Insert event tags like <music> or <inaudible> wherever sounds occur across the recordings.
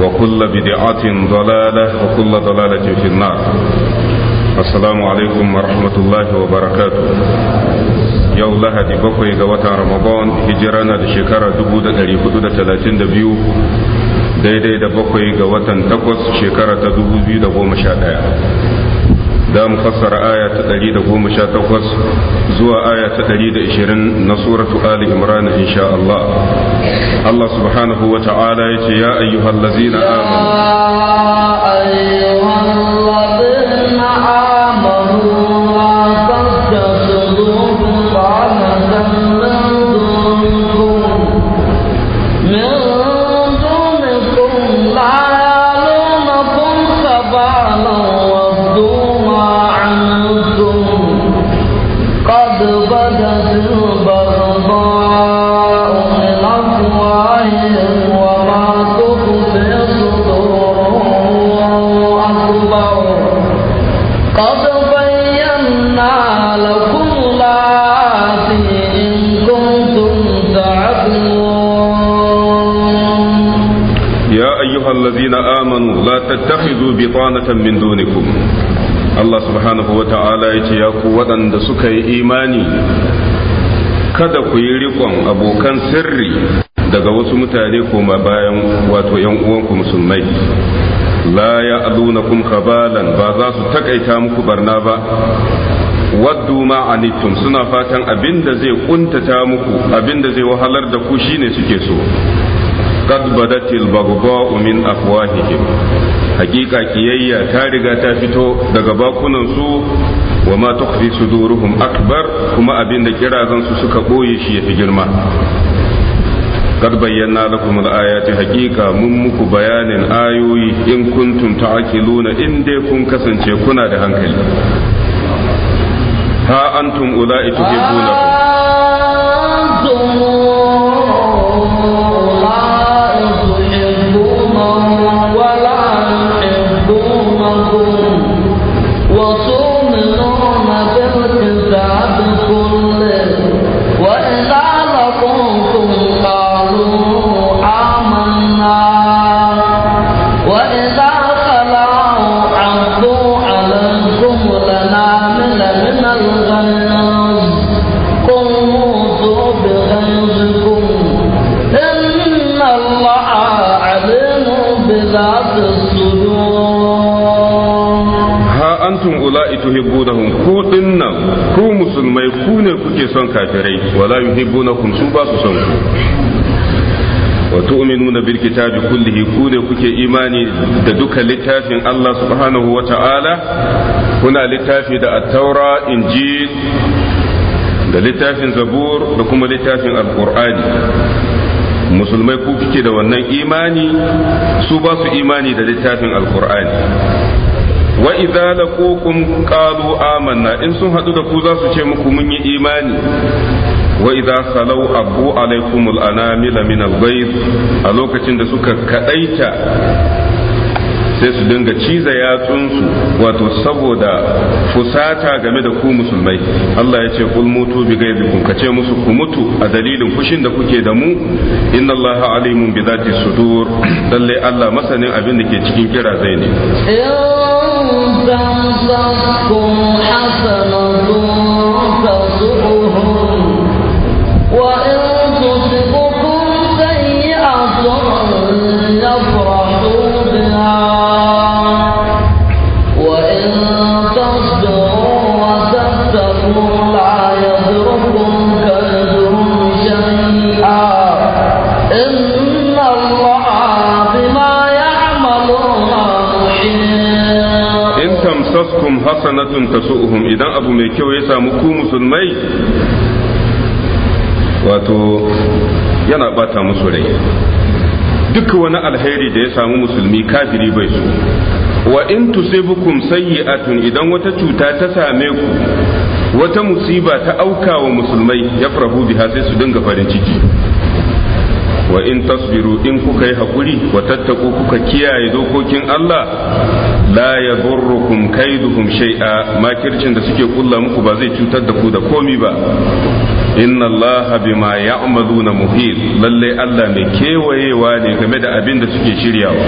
وكل بدعة ضلالة وكل ضلالة في النار السلام عليكم ورحمة الله وبركاته yau lahadi bakwai ga watan ramadan hijira na da shekara 432 daidai da bakwai ga watan takwas shekara ta 2011 da mu fassara aya ta 118 zuwa aya ta 120 na suratu Ali Imran insha Allah Allah subhanahu wa ta'ala yace ya ayyuhallazina amanu بطانة min dunikum Allah subhanahu wa ta'ala ya ce ya ku waɗanda suka yi imani kada ku yi riƙon abokan sirri daga wasu mutane koma bayan wato ‘yan uwanku musulmai la ya adunakum kabalan ba za su takaita muku barna ba waddu ma anittum suna fatan abinda zai kuntata muku abinda zai wahalar da ku shine suke so qad badatil baghdahu min afwahihim hakika kiyayya ta riga ta fito daga bakunan su wa ma tukhfi suduruhum akbar kuma abin da kirazan su suka boye shi yafi girma قد بينا لكم الآيات حقيقة من مكو بيان آيوي إن كنتم تعقلون إن kun kasance كسن da hankali هنكلي ها أنتم أولئك تحبونهم أنتم suke son kafirai wala yuhibbunakum su ba su son ku wa tu'minuna bil kitabi kullihi ku ne kuke imani da duka littafin Allah subhanahu wa ta'ala kuna littafi da at-taura injil da littafin zabur da kuma littafin alqur'ani musulmai ku kike da wannan imani su ba su imani da littafin alqur'ani wa idza laqukum qalu amanna in sun hadu da ku za su ce muku mun yi imani wa idza khalaw abu alaikum al-anamil min al a lokacin da suka kadaita sai su dinga ciza yatsunsu wato saboda fusata game da ku musulmai Allah ya ce kul mutu bi gaibikum ka ce musu ku mutu a dalilin kushin da kuke da mu inna Allah alimun bi dhati sudur lalle Allah masanin abin da ke cikin kira zai ne رمزا قم حسن ذو رسول hasanatun tasu'uhum idan abu mai kyau ya samu ku musulmai wato yana bata musu rai duk wani alheri da ya samu musulmi kafiri bai su wa in tusibukum sayyi'atun idan wata cuta ta same ku wata musiba ta auka wa musulmai ya farahu biha sai su dinga farin ciki wa in tasbiru in kuka yi hakuri wa tattaku kuka kiyaye dokokin Allah la yadurrukum kaiduhum shay'a makircin da suke kulla muku ba zai cutar da ku da komi ba inna allaha bima ya'maluna muhit lalle Allah mai kewayewa ne game da abin da suke shiryawa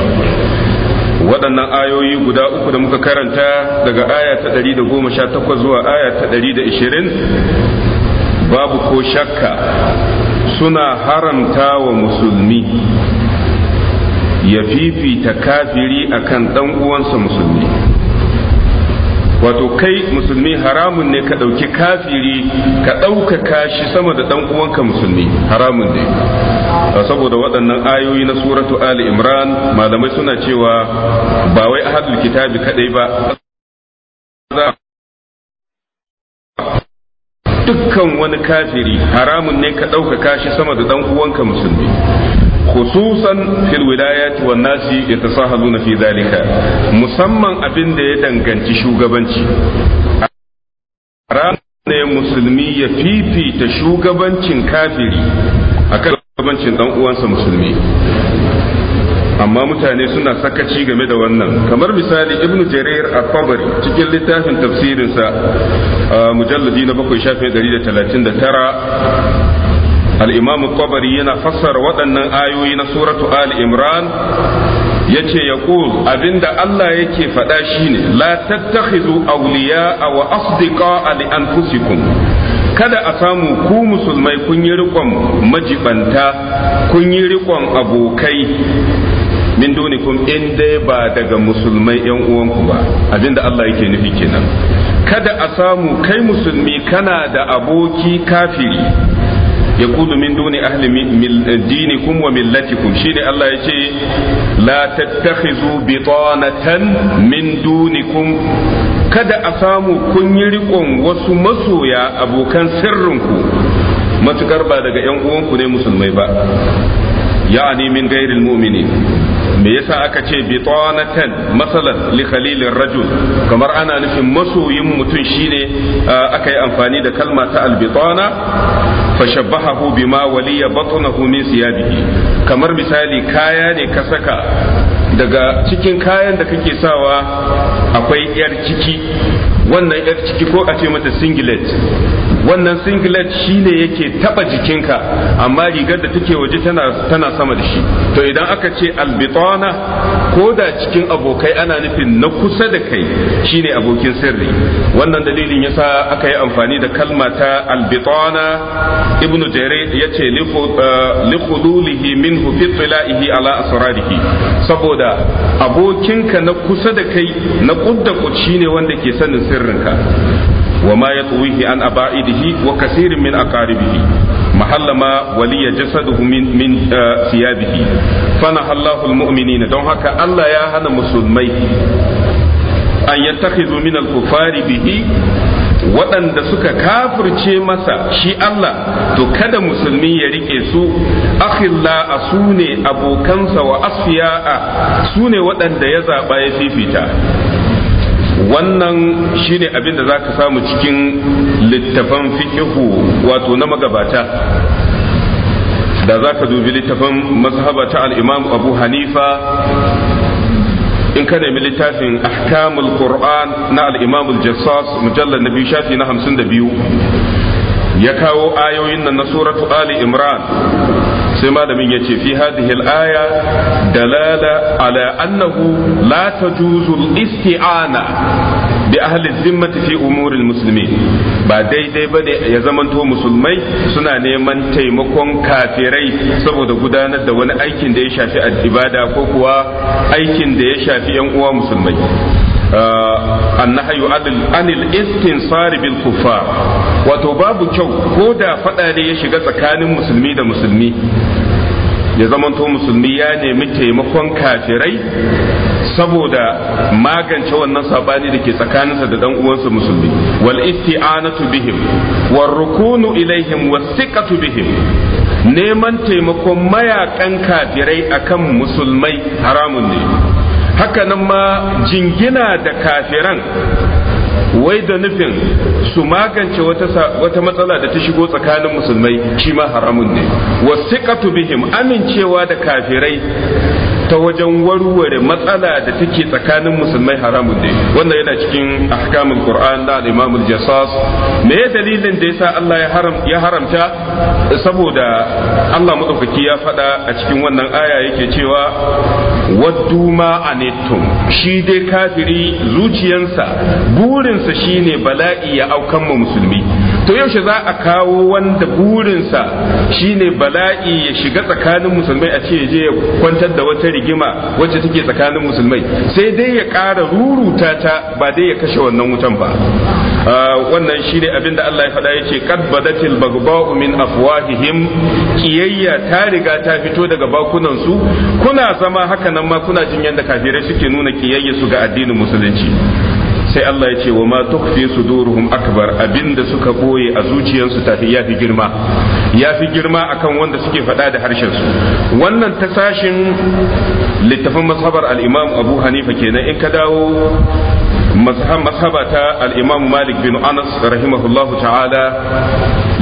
waɗannan ayoyi guda uku da muka karanta daga aya ta 118 zuwa aya ta 120 babu ko shakka suna haramta wa musulmi ya fifita kafiri akan dan uwansa musulmi wato kai musulmi haramun ne ka ɗauki kafiri ka ɗaukaka shi sama da ɗan uwanka musulmi haramun ne saboda waɗannan ayoyi na suratu ali imran malamai suna cewa ba wai ahadul kitabi kadai ba dukkan wani kafiri haramun ne ka ɗaukaka shi sama da ɗan uwanka musulmi Kususan. fil wilayat wan nasi yatasahazuna musamman abin da ya danganci shugabanci ranar ne musulmi ya fifita shugabancin kafiri akan shugabancin dan uwansa musulmi amma mutane suna sakaci game da wannan kamar misali ibnu jarir at-tabari cikin littafin tafsirinsa mujalladi na bakwai shafin tara. al-imam tabari yana fassara waɗannan ayoyi na suratu ali imran yace yaqul abinda Allah yake faɗa shine la tattakhizu awliya wa asdiqa li anfusikum kada a samu ku musulmai kun yi riƙon majibanta kun yi riƙon abokai min dunikum in dai ba daga musulmai yan ku ba abinda Allah yake nufi kenan kada a samu kai musulmi kana da aboki kafiri yaqulu min duni ahli dinikum wa millatikum shine Allah yace la tattakhizu bitanatan min kada a samu kun yi wasu masoya abokan sirrinku matukar ba daga 'yan uwanku ne musulmai ba ya'ani min gairil mu'minin me yasa aka ce bitanatan masalan li khalilin rajul kamar ana nufin masoyin mutum shine aka yi amfani da kalma ta albitana fashabbahahu bima waliya batnahu min siyabihi kamar misali kaya ne ka saka daga cikin kayan da kake sawa akwai yar ciki wannan yar ciki ko a ce mata singlet wannan singlet shine yake taba jikinka amma rigar da take waje tana tana sama da shi to idan aka ce albitana ko da cikin abokai ana nufin na kusa da kai shine abokin sirri wannan dalilin yasa aka yi amfani da kalma ta albitana ibnu jarir yace likhudulihi eh, minhu fi tilaihi ala asrarihi saboda abokinka na kusa da kai na kudda shine wanda ke sanin sirri sirrinka wa ma yatwihi an aba'idihi wa kasirin min aqaribihi mahallama waliya jasaduhu min eh, siyabihi fana hallahu almu'minina don haka Allah ya hana musulmai an yattakhidhu min al-kuffari bihi waɗanda suka kafirce masa shi Allah to kada musulmi ya rike su akhilla a su ne abokansa wa asfiya'a su ne waɗanda ya zaɓa ya fifita wannan shine abin da zaka samu cikin littafan fikihu wato na magabata da zaka dubi littafan mazhaba ta abu hanifa in ka nemi littafin ahkamul qur'an na al-imam al-jassas mujallal na biyu shafi na ya kawo ayoyin nan na suratu ali imran sai malamin ya ce fi hadhihi al-aya dalala ala annahu la tajuzu al-isti'ana bi ahli zimmati fi umuri muslimin ba daidai ba ne ya zamanto musulmai suna neman taimakon kafirai saboda gudanar da wani aikin da ya shafi ibada ko kuwa aikin da ya shafi yan uwa musulmai annahyu anil istinsari bil kuffar wato babu kyau ko da fada ne ya shiga tsakanin musulmi da musulmi ya zamanto musulmi ya nemi taimakon kafirai saboda magance wannan sabani da ke tsakaninsa da dan uwansa musulmi wal isti'anatu bihim war rukunu ilaihim was siqatu bihim neman taimakon mayakan kafirai akan musulmai haramun ne hakanan ma jingina da kafiran wai da nufin su magance wata matsala da ta shigo tsakanin musulmai shi ma haramun ne wasiqatu bihim amincewa da kafirai ta wajen warware matsala da take tsakanin musulmai haramun ne wannan yana cikin ahkamul qur'an da imam jassas me ya dalilin da yasa Allah ya haram ya haramta saboda Allah madaukaki ya faɗa a cikin wannan aya yake cewa waddu ma anittum shi dai kafiri zuciyansa burinsa shine bala'i ya aukan musulmi to yaushe za a kawo wanda burinsa shine bala'i ya shiga tsakanin musulmai a ce je ya kwantar da wata rigima wacce take tsakanin musulmai sai dai ya ƙara ruruta ta ba dai ya kashe wannan wutan ba ah, wannan shine abin da Allah ya faɗa ya ce kad badatil bagba'u min afwahihim kiyayya ta riga ta fito daga bakunan su kuna zama haka nan ma kuna jin yadda kafirai suke nuna kiyayya su ga addinin musulunci sai Allah ya ce wa ma tukfi suduruhum akbar abinda suka boye a zuciyarsu tafi ya fi girma ya fi girma akan wanda suke faɗa da harshen su wannan ta sashin littafin mazhabar al-Imam Abu Hanifa kenan in ka dawo mazhaba ta al-Imam Malik bin Anas rahimahullahu ta'ala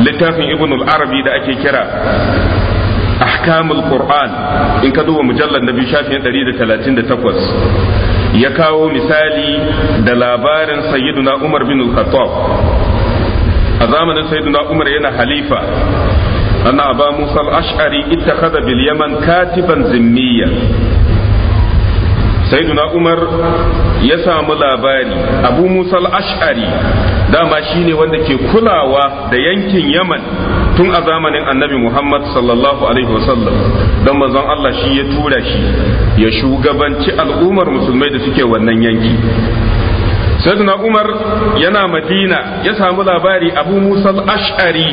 littafin Ibn al-Arabi da ake kira ahkamul qur'an in ka duba mujallar na biyu shafin 138 ya kawo misali da labarin sayyiduna umar bin khattab a zamanin sayyiduna umar yana halifa Ana ba musal ashari ita bil yaman katiban zimmiya sayyiduna umar ya samu labari abu musal ashari dama shine wanda ke kulawa da yankin yaman tun a zamanin annabi Muhammad sallallahu alaihi wasallam don mazan Allah shi ya tura shi ya shugabanci al'ummar musulmai da suke wannan yanki sayyidina Umar yana Madina ya samu labari Abu Musa al-Ash'ari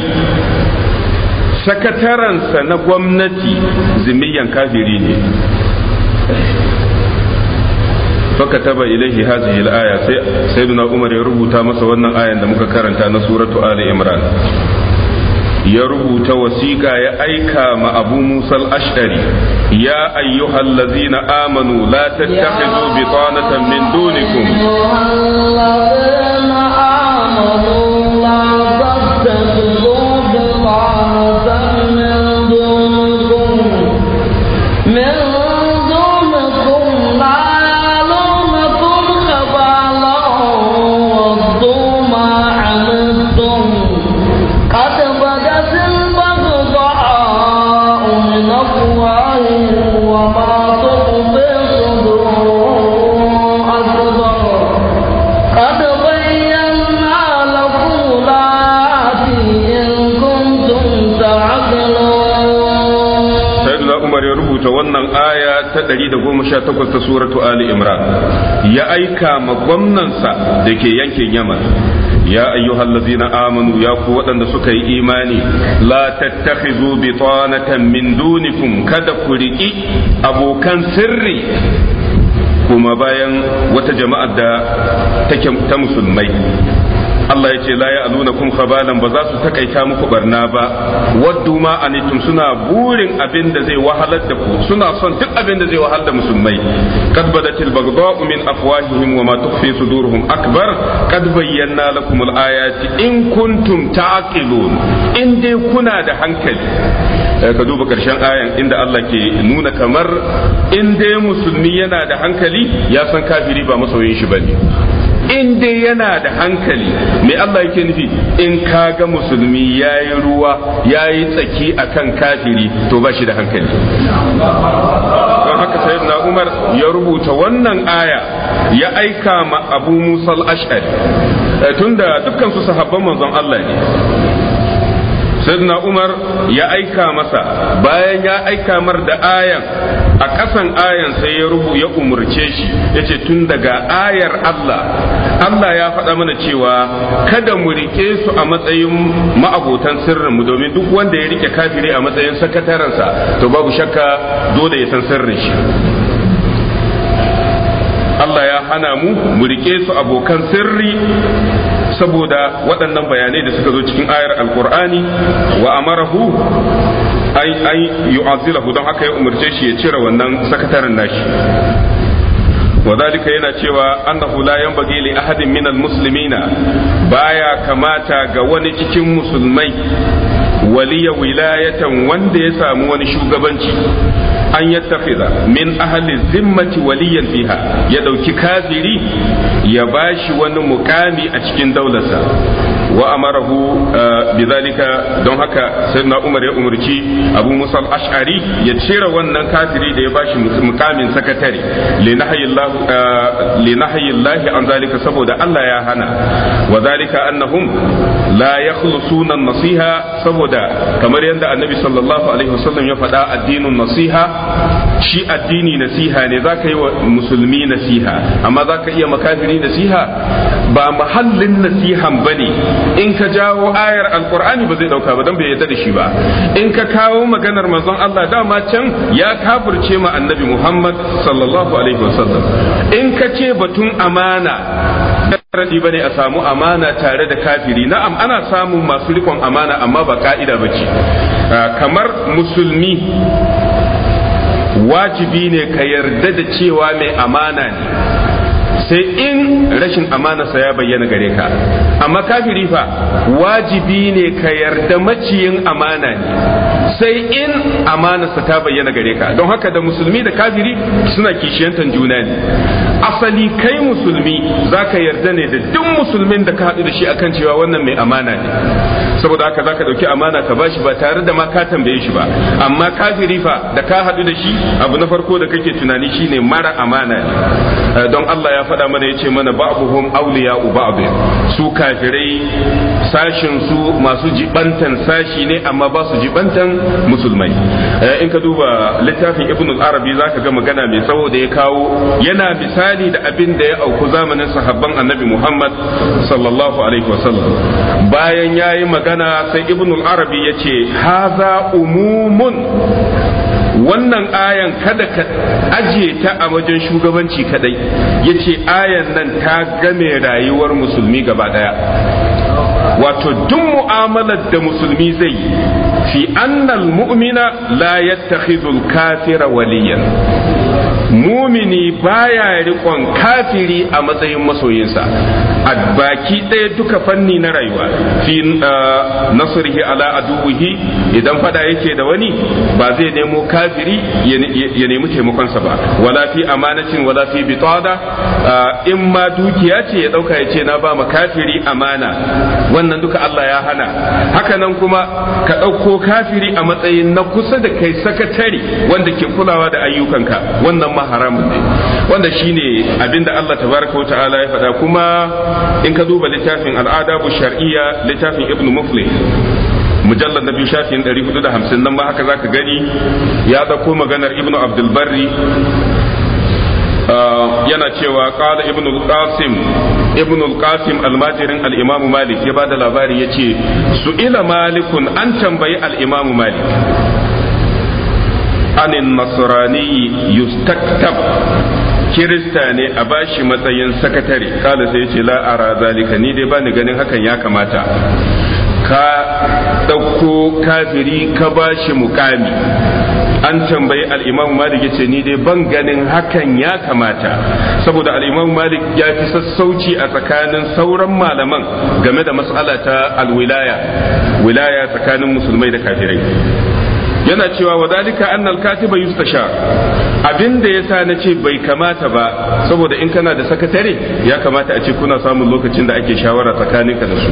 sakataransa na gwamnati zimmiyan kafiri ne فكتب إليه هذه الآية سيدنا عمر يربط مسا ونن آية لمكة na سورة آل Imran. ya rubuta wasiƙa ya aika ma abu musal al-ash'ari ya ayyuhal na amanu la tattakhidhu bitanatan min dunikum sha takwas ta suratu ali imran ya aika ma gwamnansa da ke yankin yaman ya ayyuhal ladzina amanu ya ku waɗanda suka yi imani la tattakhizu bitanatan min dunikum kada ku riki abokan sirri kuma bayan wata jama'ar da take ta musulmai Allah ya ce la ya aluna kum khabalan ba za su takaita muku barna ba waddu ma anitum suna burin abin da zai wahalar da ku suna son duk abin da zai wahalar da musulmai kad badatil baghdha'u min afwahihim wa ma tukhfi suduruhum akbar kad bayyana lakum al-ayati in kuntum taqilun in dai kuna da hankali eh, ka duba karshen ayan inda Allah ke nuna kamar in dai musulmi yana da hankali ya san kafiri ba masoyin shi bane in dai yana da hankali mai Allah yake nufi in ka ga musulmi ya yi ruwa ya yi tsaki a kan kafiri to ba shi da hankali don haka sai na umar ya rubuta wannan aya ya aika ma abu musal ash'ari eh, tunda dukkan su sahabban manzon Allah ne sayyidina umar ya aika masa bayan ya aika mar da ayan a kasan ayan sai ya rubu ya umurce shi yace tun daga ayar Allah Allah ya faɗa mana cewa kada mu rike su a matsayin ma'abotan sirrin mu domin duk wanda ya rike kafiri a matsayin sa to babu shakka dole ya san sirrin shi Allah ya hana mu mu rike su abokan sirri saboda waɗannan bayanai da suka zo cikin ayar alkur'ani wa amarahu ai ai yu'azzilahu don haka ya umarci shi ya cire wannan sakataren nashi وذلك yana cewa annahu la yanbaghi li ahadin min almuslimina baya kamata ga wani cikin musulmai waliya wilayatan wanda ya samu wani shugabanci an yattakhidha min ahalin zimmati waliyan fiha ya dauki kafiri ya bashi wani mukami a cikin daularsa wa amarahu eh, bidhalika don haka sayyidina Umar ya umarci Abu Musa al-Ash'ari ya cire wannan kafiri da ya bashi mukamin sakatare li nahyi eh, an zalika saboda Allah ya hana wa zalika annahum la yakhlusuna nasiha saboda kamar yadda annabi sallallahu alaihi wasallam ya faɗa addinin nasiha shi addini nasiha ne zaka yi wa musulmi nasiha amma zaka iya makafiri nasiha ba mahallin nasihan ba ne in ka jawo ayar alqur'ani ba zai dauka ba dan bai yarda da shi ba in ka kawo maganar manzon Allah dama can ya kafirce ma annabi Muhammad sallallahu alaihi wasallam in ka ce batun amana sharadi bane a samu amana tare da kafiri na'am ana samun masu rikon amana amma ba ka'ida ba bace ah, kamar musulmi wajibi ne ka yarda da cewa mai amana ne sai in rashin amanarsa ya bayyana gare ka amma kafiri fa wajibi ne ka yarda maciyin amana ne sai in amanarsa ta bayyana gare ka don haka da musulmi da kafiri suna kishiyantan juna ne asali kai musulmi za ka yarda ne da duk musulmin da ka haɗu da shi akan cewa wannan mai amana ne saboda haka za ka ɗauki amana ka bashi ba tare da ma ka tambaye shi ba amma kafiri fa da ka haɗu da shi abu na farko da kake tunani shine mara amana ne eh, don Allah ya faɗa mana yace mana ba'dhum awliya'u ba'd su kafirai sashin su masu jibantan sashi ne amma ba su jibantan musulmai eh, in ka duba littafin ibn al-arabi zaka ga magana mai tsawo da ya kawo yana misali da abin da ya auku zamanin sahabban annabi muhammad sallallahu alaihi wasallam bayan yayi magana sai ibn al-arabi yace haza umumun wannan ayan kada ka ajiye ta a wajen shugabanci kadai yace ayan nan ta game rayuwar musulmi gaba daya wato duk mu'amalar da musulmi zai yi fi annal mu'mina la yattakhidhu kafira waliyan mumini baya rikon kafiri a matsayin masoyinsa a baki ɗaya duka fanni na rayuwa fi uh, nasrihi ala aduwihi idan fada yake da wani ba zai nemo kafiri ya nemi taimakonsa ba wala fi amanacin wala fi bitada uh, in ma dukiya ce ya dauka ya ce na ba ma kafiri amana wannan duka Allah ya hana haka nan kuma ka ɗauko kafiri a matsayin na kusa da kai sakatare wanda ke kulawa da ayyukanka wannan ma ma haramun ne wanda shine abinda Allah tabaraka wa ta'ala ya faɗa kuma in ka duba littafin al'adabu shar'iyya littafin ibnu muflih mujallar na biyu shafin 450 nan ma haka ka gani ya dauko maganar ibnu abdul uh, yana cewa qala ibnu qasim ibnu qasim almajirin al-imam malik ya bada labari yace su ila malikun an tambayi al-imam malik anin nasrani yustaktab kirista ne a bashi matsayin sakatare kala sai ce la ara zalika ni dai bani ganin hakan ya kamata ka ɗauko kafiri ka bashi mukami an tambayi al'imamu malik ya ce ni dai ban ganin hakan ya kamata saboda al'imamu malik ya fi sassauci a tsakanin sauran malaman game da matsala ta alwilaya wilaya tsakanin musulmai da kafirai yana cewa wa dalika annal katiba yustasha abinda yasa nace bai kamata ba saboda in kana da sakatare ya kamata a ce kuna samun lokacin da ake shawara tsakaninka da su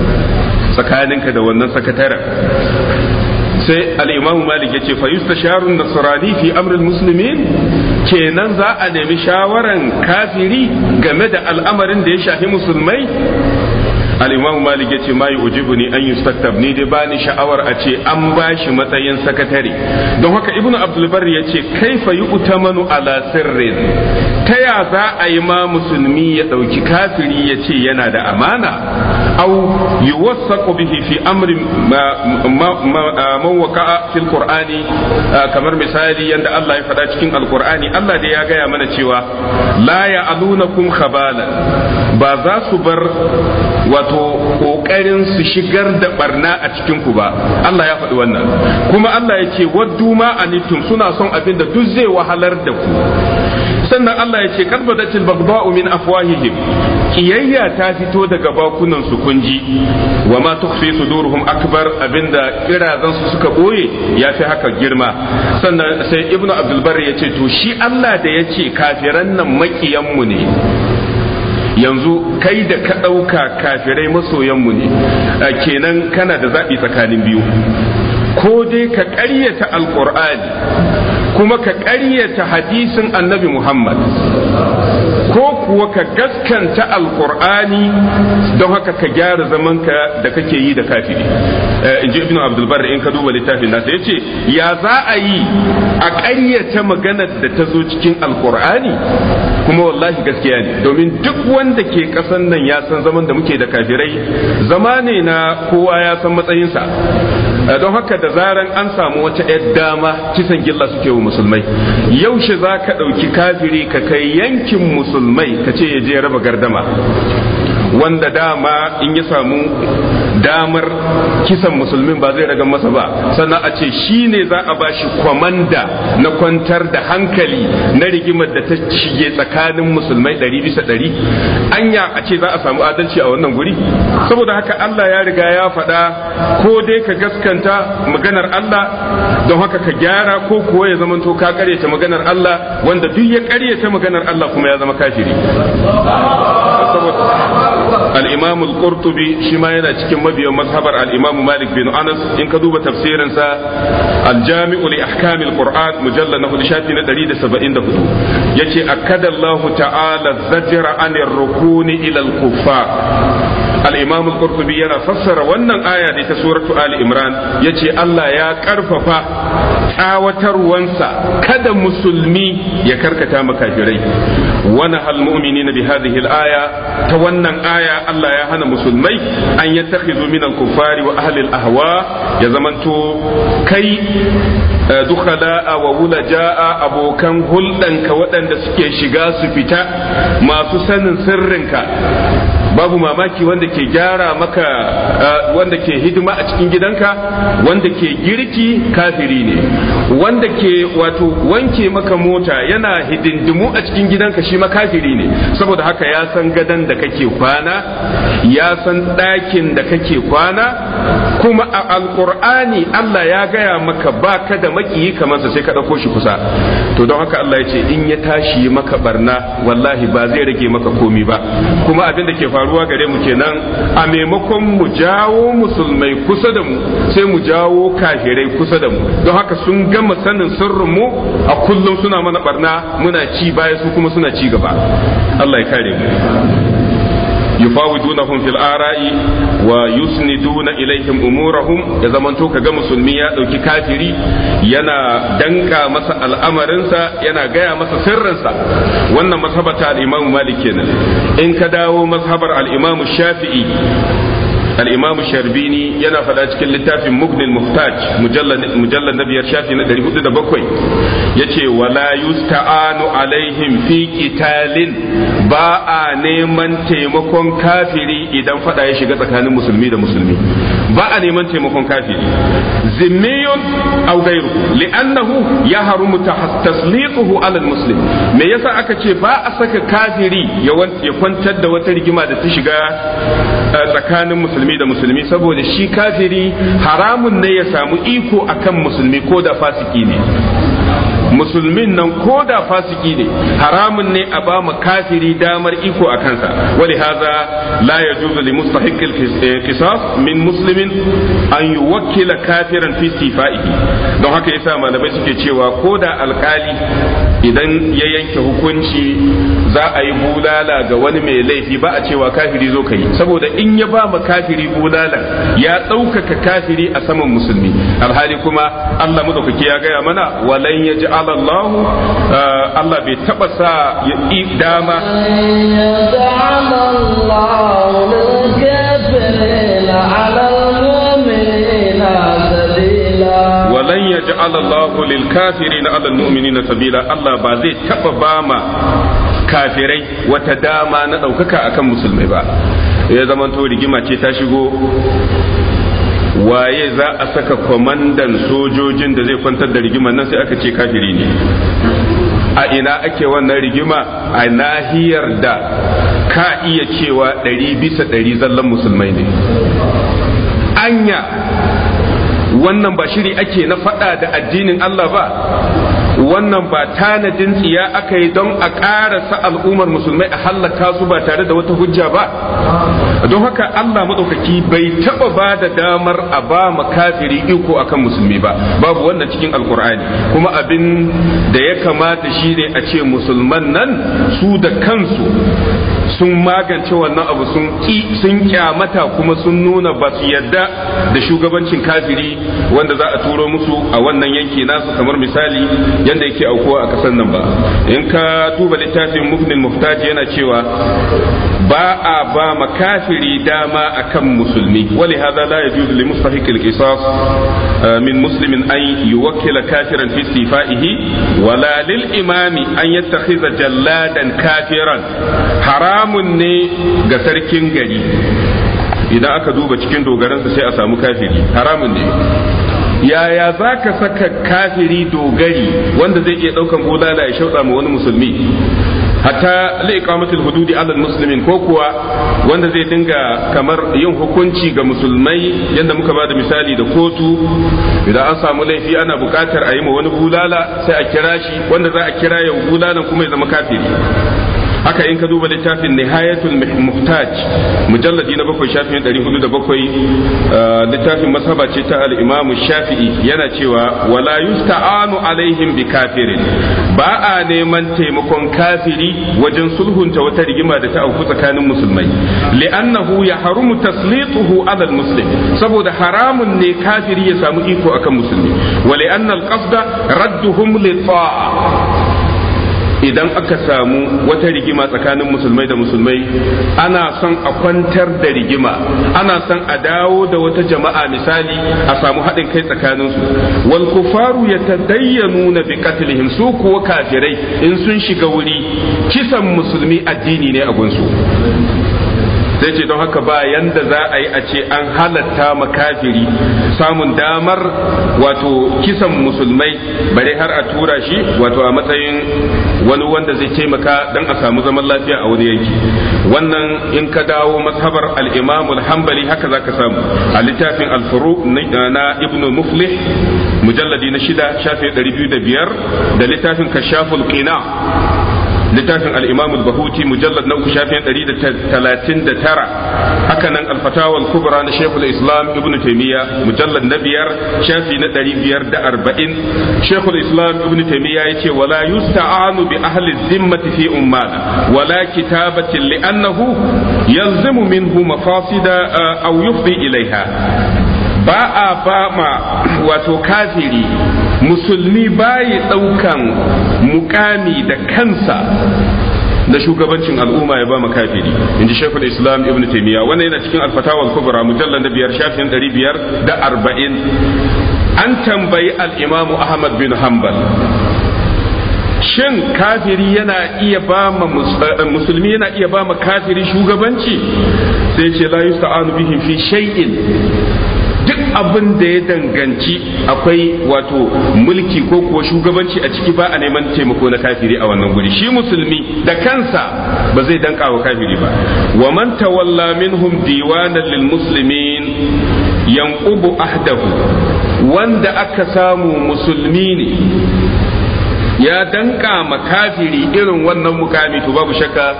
tsakaninka da wannan sakataren sai al'imamu malik ya ce fayusta sharun nasrani fi amrin musulmin kenan za a nemi shawaran kafiri game da al'amarin da ya shafi musulmai al'imamu malik ya ce mayu ujibu ne an yustaktab ni dai bani sha'awar a ce an bashi matsayin sakatare don haka ibnu abdulbar ya ce kaifa yi utamanu ala sirrin ta ya za a yi ma musulmi ya ɗauki kafiri ya ce yana da amana au yi wasa bihi fi amrin man fil qur'ani kamar misali yadda Allah ya faɗa cikin alqur'ani Allah dai ya gaya mana cewa la ya alunakum khabalan ba za su bar wato kokarin su shigar da barna a cikin ku ba Allah ya faɗi wannan kuma Allah ya ce waddu ma anitum suna son abin da duk zai wahalar da ku sannan Allah ya ce kad badatil baghdha'u min afwahihim kiyayya ta fito daga bakunan su kunji wa ma tukhfi suduruhum akbar abinda kirazan su suka boye ya fi haka girma sannan sai ibnu abdul bar ya ce to shi Allah da ya ce kafiran nan makiyan mu ne yanzu kai da ka ɗauka kafirai masoyan mu ne kenan kana da zaɓi tsakanin biyu ko dai ka ƙaryata alƙur'ani kuma ka ƙaryata hadisin annabi Muhammad ko kuwa ka gaskanta alkur'ani don haka ka gyara zamanka da kake yi da kafiri eh, in ji ibn abdulbar in ka duba littafin nasa ya ce ya za a yi a ƙaryata maganar da ta zo cikin alkur'ani kuma wallahi gaskiya ne domin duk wanda ke ƙasan nan ya san zaman da muke da kafirai zama ne na kowa ya san matsayinsa Eh, don haka da zaran an samu wata yar dama kisan gilla suke wa musulmai yaushe za ka ɗauki kafiri ka kai yankin musulmai ka ce ya je raba gardama wanda dama in ya samu damar kisan musulmin ba zai raga masa ba sannan a ce shi ne za a ba shi kwamanda na kwantar da hankali na rigimar da ta shige tsakanin musulmai ɗari bisa ɗari anya a ce za a samu adalci a wannan guri saboda haka Allah ya riga ya faɗa ko dai ka gaskanta maganar Allah don haka ka gyara ko kuwa ya to ka karyata maganar Allah wanda duk ya karyata maganar Allah kuma ya zama kafiri al-imam al shi ma yana cikin mabiyan mazhabar al-imam malik bin anas in ka duba tafsirin sa al-jami'u li ahkam al-qur'an mujallad na hudu shafi na 174 yace akada Allah ta'ala zajra anir rukuni ila al-kuffar al-imam yana fassara wannan aya da ta suratu ali imran yace Allah ya karfafa tsawatarwansa kada musulmi ya karkata makafirai wani halmumini na bihadhihi al-aya ta wannan aya Allah ya hana musulmai an ya min minan kuffari wa ahli ahwa ya zamanto kai eh, a wa ja'a abokan hulɗanka waɗanda suke shiga su fita masu sanin sirrinka babu mamaki wanda ke gyara maka eh, wanda ke hidima a cikin gidanka wanda ke girki kafiri ne wanda ke wato wanke maka mota yana hidindimu a cikin gidanka shi ma kafiri ne saboda haka ya san gadan da kake kwana ya san ɗakin da kake kwana kuma a alkur'ani Allah ya gaya maka ba ka da makiyi kamar sai ka ɗauko shi kusa to don haka Allah ya ce in ya tashi maka barna wallahi ba zai rage maka komi ba kuma abin da ke faru faruwa gare mu kenan a maimakon mu jawo musulmai kusa da mu sai mu jawo kafirai kusa da mu don haka sun gama sanin sirrin mu a kullum suna mana barna muna ci baya su kuma suna ci gaba Allah ya kare mu yufawidunahum fil ara'i wa yusniduna ilaihim umurahum ya zamanto kaga musulmi ya dauki kafiri yana danka masa al'amarinsa yana gaya masa sirrinsa wannan mashabata al-imamu malik kenan in ka dawo mashabar al shafi'i al-imam sharbini yana faɗa cikin littafin mughnil muhtaj mujallad na biyar shafi na 407 yace wala yusta'anu alaihim fi qitalin ba a neman taimakon kafiri idan fada ya shiga tsakanin musulmi da musulmi ba a neman taimakon kafiri zimmiyun aw ghayru li'annahu yahrumu tasliquhu ala almuslim me yasa aka ce ba a saka kafiri ya kwantar da wata rigima da ta shiga eh, tsakanin musulmi musulmi da musulmi saboda shi kafiri haramun ne ya samu iko akan musulmi ko da fasiki ne musulmin nan ko da fasiki ne haramun ne a ba kafiri damar iko a kansa wani haza la yajuzu li mustahiqil eh, qisas min musulmin an wakila kafiran fi istifaihi don haka yasa malamai suke cewa ko da alkali idan ya yanke hukunci za a yi bulala ga wani mai laifi ba a cewa kafiri zo ka yi saboda in ya ba kafiri bulala ya ɗaukaka kafiri a saman musulmi alhali kuma Allah madaukaki ya gaya mana walan ya ji ja'ala Allah bai taba sa ya dama walan Allah lil kafirin 'ala al-mu'minina sabila Allah ba zai taba bama kafirai wata dama na ɗaukaka akan musulmai ba ya zamanto rigima ce ta shigo waye za a saka kwamandan sojojin da zai kwantar da rigima nan sai aka ce kafiri ne a ina ake wannan rigima a nahiyar da ka iya cewa ɗari bisa ɗari zallan musulmai ne anya wannan ba shiri ake na faɗa da addinin Allah ba wannan ba tanadin tsiya aka yi don a ƙarasa al'ummar musulmai a hallaka su ba tare da wata hujja ba don haka Allah maɗaukaki bai taɓa ba da damar a ba makafiri iko akan musulmi ba babu wannan cikin alkur'ani kuma abin da ya kamata shi ne a ce musulman nan su da kansu sun magance wannan abu sun ki sun kyamata kuma sun nuna ba su yadda da shugabancin kafiri wanda za a turo musu a wannan yanki nasu kamar misali yanda yake aukuwa a kasar nan ba in ka tuba littafin mufnil muftaji yana cewa ba a ba makafiri dama akan musulmi wali hada la yajuzu li mustahiq al qisas uh, min muslimin an yuwakkila kafiran fi istifaihi wala lil imami an yattakhidha jalladan kafiran haramun ne ga sarkin gari idan aka duba cikin dogaransa sai a samu kafiri haramun ne yaya za ka saka kafiri dogari wanda zai iya ɗaukan bulala ya shauɗa ma wani musulmi hatta liqamatul hududi alal muslimin ko kuwa wanda zai dinga kamar yin hukunci ga musulmai yadda muka bada misali da kotu idan an samu laifi ana bukatar a yi ma wani bulala sai a kira shi wanda za a kira yau bulalan kuma ya zama kafiri haka in ka duba littafin nihayatul muhtaj mujalladi na bakwai shafin bakwai, uh, littafin masaba ce ta al-imam shafi'i yana cewa wala yusta'anu alaihim bi kafirin ba a neman taimakon kafiri wajen sulhunta wata rigima da ta auku tsakanin musulmai li'annahu ya harumu taslituhu alal muslim saboda haramun ne kafiri ya samu iko akan musulmi wa li'anna al-qasda radduhum li idan aka samu wata rigima tsakanin musulmai da musulmai ana son a kwantar da rigima ana son a dawo da wata jama'a misali a samu haɗin kai tsakanin su wal kufaru nuna bi qatlihim su kuwa kafirai in sun shiga wuri kisan musulmi addini ne a gunsu zai ce don haka ba yanda za a yi a ce an halatta makafiri samun damar wato kisan musulmai bare har a tura shi wato a matsayin wani wanda zai taimaka dan a samu zaman lafiya a wani yanki wannan in ka dawo mazhabar al-imam al-hanbali haka zaka samu a littafin al na ibnu muflih mujalladi na shida shafi 205 da littafin kashaful qina littafin al al-bahuti mujallad na uku shafin 139 haka nan al kubra na shaykhul islam ibnu taymiya mujallad na biyar shafi na 540 shaykhul islam ibnu taymiya yace wala yusta'anu bi ahli zimmati fi ummana wala kitabatin li'annahu yalzimu minhu mafasida eh, aw yufdi ilaiha ba a ba ma wato kafiri musulmi bayi ɗaukan mukami da kansa da shugabancin al'umma ya ba mu kafiri in ji shekul islam ibn taimiyya wannan yana cikin alfatawar kubra mujallar da biyar shafin ɗari biyar da arba'in an tambayi al'imamu ahmad bin hanbal shin kafiri yana iya ba eh, musulmi yana iya ba kafiri shugabanci sai ce la yusta'anu bihim fi shay'in duk abin da ya danganci akwai wato mulki ko kuwa shugabanci a ciki ba a neman taimako na kafiri a wannan guri shi musulmi da kansa ba zai danka wa kafiri ba wa man tawalla minhum diwanan lil muslimin yanqubu ahdahu wanda aka samu musulmi ne ya danka makafiri irin wannan mukami to babu shakka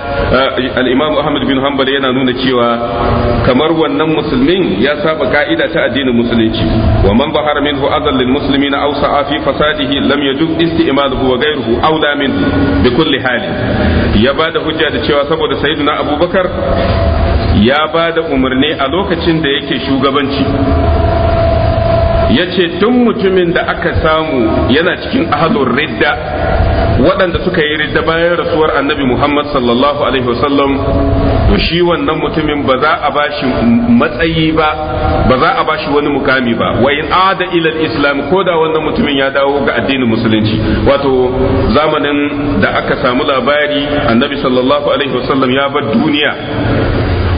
eh, al-Imam Ahmad bin Hanbal yana nuna cewa kamar wannan musulmin ya saba ka'ida ta addinin musulunci wa man bahara minhu adall lil muslimina aw sa'a fi fasadihi lam yajuz isti'maluhu wa ghayruhu awla min bi kulli hali ya bada hujja da cewa saboda sayyidina Abubakar ya bada umarni a lokacin da yake shugabanci ya ce tun mutumin da aka samu yana cikin ahadun ridda waɗanda suka yi ridda bayan rasuwar annabi muhammad sallallahu alaihi wasallam to shi wannan mutumin ba za a bashi matsayi ba ba za a bashi wani mukami ba wa in ada ila islam ko da wannan mutumin ya dawo ga addinin musulunci wato zamanin da aka samu labari annabi sallallahu alaihi wasallam ya bar duniya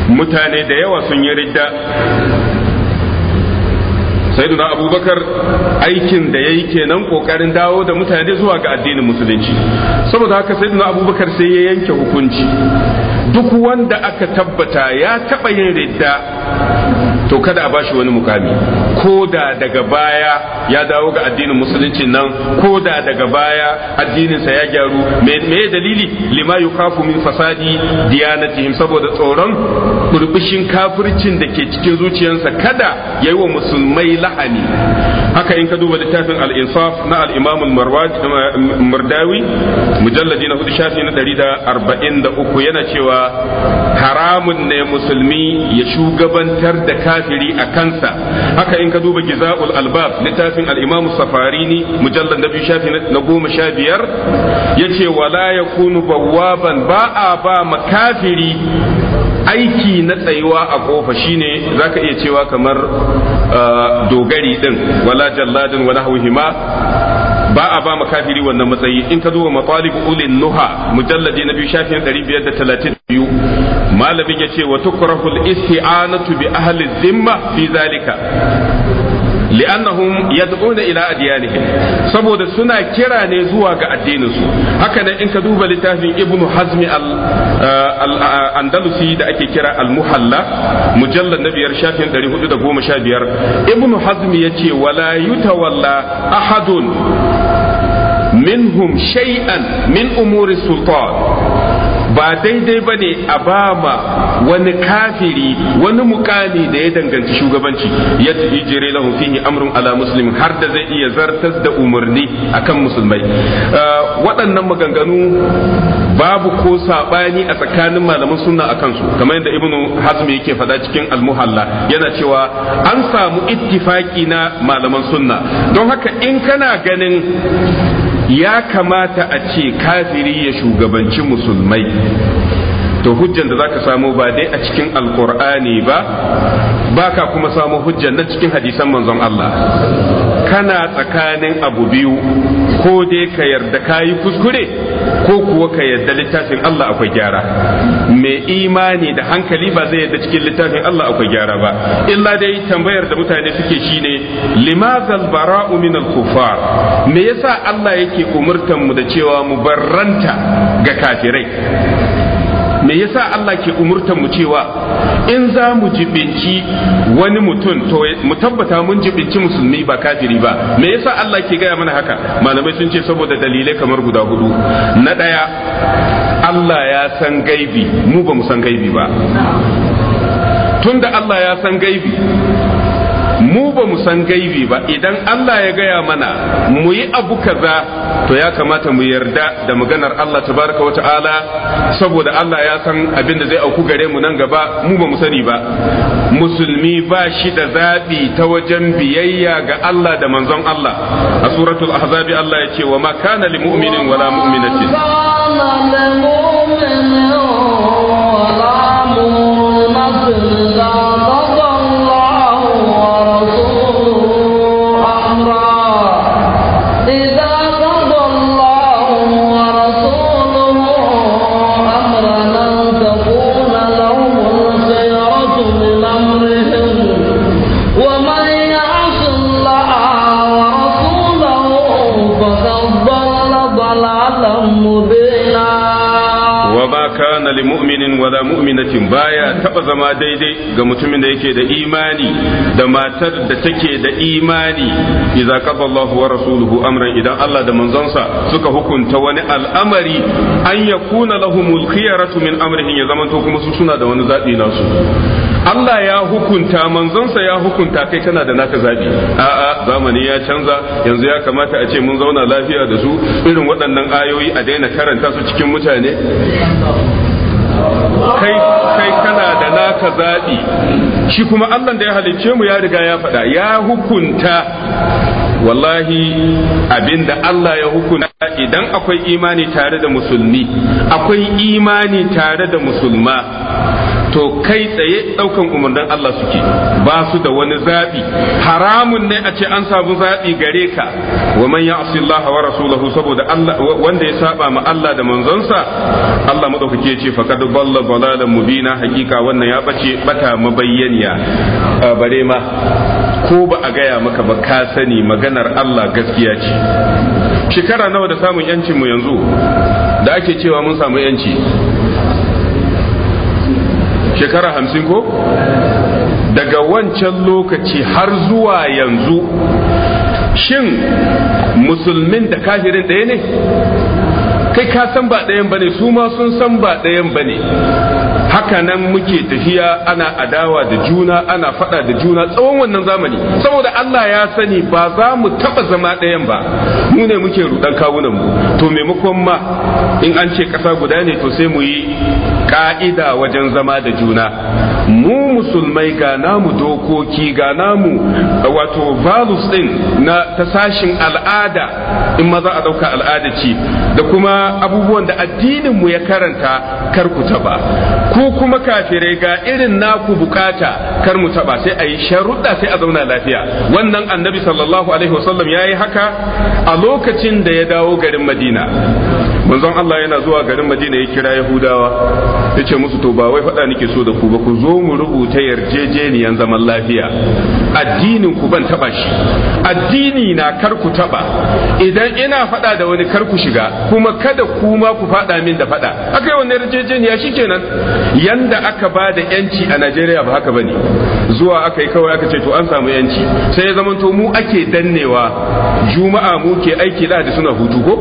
mutane da yawa sun yi ridda duna abubakar aikin da ya yi kenan kokarin dawo da mutane zuwa ga addinin musulunci saboda haka duna abubakar sai ya yanke hukunci duk wanda aka tabbata ya taɓa yin ridda to kada a bashi wani mukami ko da daga baya ya dawo ga addinin musulunci nan ko da daga baya addininsa ya gyaru me dalili lima yukafu min fasadi diyanatihim saboda tsoron burbushin kafircin da ke cikin zuciyarsa kada ya yi wa musulmai la'ani haka in ka duba littafin al-insaf na al-imam al-mardawi eh, mujalladi na hudu shafi na 143 yana cewa haramun ne musulmi ya shugabantar da kafiri a kansa haka in ka duba giza'ul albab littafin al-imam safarini mujallal nabi shafi na goma sha biyar yace wala yakunu bawwaban ba a ba makafiri aiki na tsayuwa a kofa shine zaka iya cewa kamar ah, dogari din wala jalladin wala hawhima ba a ba makafiri wannan matsayi in ka duba matalib ulin nuha mujalladi na biyu shafin 532 malamin ya ce wa tukrahul isti'anatu bi ahli zimma fi zalika li'annahum yad'una ila adiyanihim saboda suna kira ne zuwa ga addininsu haka nan in ka duba littafin ibnu hazmi al-andalusi uh, uh, da ake kira al-muhalla mujallad na biyar shafin 415 ibnu hazmi yace wala yutawalla ahadun minhum shay'an min umuri sultan ba daidai ba ne a ba ma wani kafiri wani mukami da ya danganci shugabanci ya jire lahum fihi amrun ala muslimin har da zai iya zartas da umarni kan musulmai uh, waɗannan maganganu babu ko saɓani a tsakanin malaman sunna a kansu kamar yadda ibnu hazmi yake faɗa cikin almuhalla yana cewa an samu ittifaki na malaman sunna don haka in kana ganin ya kamata a ce kafiri ya shugabanci musulmai to hujjan da zaka samu ba dai a cikin alkur'ani ba baka kuma samu hujjan na cikin hadisan manzon Allah kana tsakanin abu biyu ko dai ka yarda kayi kuskure ko kuwa ka yarda littafin Allah akwai gyara mai imani da hankali ba zai yarda cikin littafin Allah akwai gyara ba illa dai tambayar da mutane suke shine limazal bara'u min al me yasa Allah yake umurtan mu da cewa mu barranta ga kafirai me yasa Allah ke umurtan mu cewa in za mu jibinci wani mutum to mu tabbata mun jibinci musulmi ba kafiri ba me yasa Allah ke gaya mana haka malamai sun ce saboda dalilai kamar guda hudu na ɗaya Allah ya san gaibi mu ba mu san gaibi ba tunda Allah ya san gaibi mu ba mu san gaibi ba idan Allah ya gaya mana mu yi abu kaza to ya kamata mu yarda da maganar Allah tabaraka wa ta'ala saboda Allah ya san abin da zai auku gare mu nan gaba mu ba mu sani ba musulmi ba shi da zaɓi ta wajen biyayya ga Allah da manzon Allah a suratul ahzabi Allah ya ce wa ma kana lil mu'minin wala mu'minatin taba zama daidai ga mutumin da yake da imani da matar da take da imani idza qada Allahu wa rasuluhu amran idan Allah da manzonsa suka hukunta wani al'amari an yakuna lahumul khiyaratu min amrihim ya zamanto kuma su suna da wani zabi nasu Allah ya hukunta manzonsa ya hukunta kai kana da naka zabi a'a zamani ya canza yanzu ya kamata a ce mun zauna lafiya da su irin waɗannan ayoyi a daina karanta su cikin mutane kai kai kana da naka zaɓi shi kuma Allah da ya halicce mu ya riga ya faɗa ya hukunta wallahi abinda Allah ya hukunta idan akwai imani tare da musulmi akwai imani tare da musulma to kai tsaye daukan umarnin Allah suke ba su da wani zabi haramun ne a ce an samu zabi gare ka wa man ya'si Allah wa rasulahu saboda Allah wanda ya saba ma Allah da manzonsa Allah madaukake ya ce faqad balla balalan mubina hakika wannan ya bace bata mabayyaniya bare ma ko ba a gaya maka ba ka sani maganar Allah gaskiya ce shekara nawa da samun yancin mu yanzu da ake cewa mun samu yanci shekara hamsin ko daga wancan lokaci har zuwa yanzu shin musulmin da kafirin ɗaya ne kai ka san ba ɗayan ba ne su ma sun san ba ɗayan ba ne haka nan muke tafiya ana adawa da juna ana fada da juna tsawon wannan zamani saboda Allah ya sani ba za mu taba zama ɗayan ba mu ne muke rudan kawunan mu to maimakon ma in an ce ƙasa guda ne to sai mu yi ka'ida wajen zama da juna mu musulmai ga namu dokoki ga namu wato values din na ta al'ada in maza a dauka al'ada ce da kuma abubuwan da addinin mu ya karanta kar ku taba ku kuma kafirai ga irin naku bukata kar mu taba sai a yi sharuɗa sai a zauna lafiya wannan annabi sallallahu alaihi wasallam ya yi haka a lokacin da ya dawo garin madina manzon Allah yana zuwa garin Madina ya kira Yahudawa yace musu to ba wai faɗa nake so da ku ba ku zo mu rubuta yarjejeniyan zaman lafiya addinin ku ban taba shi addini na kar ku taba idan ina faɗa da wani kar ku shiga kuma kada ku ma ku faɗa min da faɗa akai wannan yarjejeniya shikenan yanda aka ba da yanci a Najeriya ba haka bane zuwa aka yi kawai aka ce to an samu yanci sai ya zama to mu ake dannewa juma'a mu ke aiki da suna hutu ko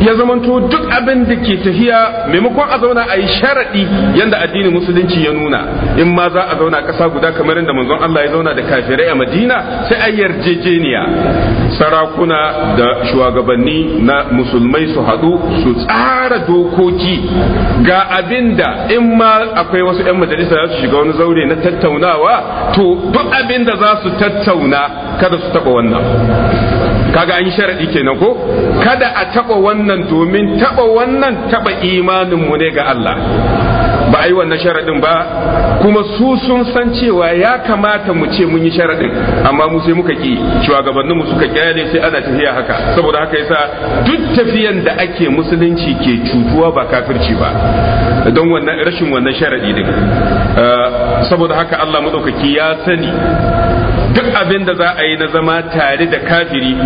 ya zamanto duk abin da ke tafiya maimakon a zauna a yi sharaɗi yadda addinin musulunci ya nuna in ma za a zauna ƙasa guda kamar yadda manzon Allah ya zauna da kafirai a Madina sai a yarjejeniya sarakuna da shugabanni na musulmai su haɗu su tsara dokoki ga abin da in ma akwai wasu 'yan majalisa za su shiga wani zaure na tattaunawa to duk abin da za su tattauna kada su taɓa wannan kaga an sharadi kenan ko kada a taba wannan domin taba wannan taba imanin mu ne ga Allah ba a yi wannan sharaɗin ba kuma su sun san cewa ya kamata mu ce mun yi sharaɗin amma mu sai muka ki shugabannin mu suka kyale sai ana tafiya haka saboda haka yasa duk tafiyan da ake musulunci ke cutuwa ba kafirci ba don wannan rashin wannan sharaɗi din uh, saboda haka Allah madaukaki ya sani duk abin da za a yi na zama tare da kafiri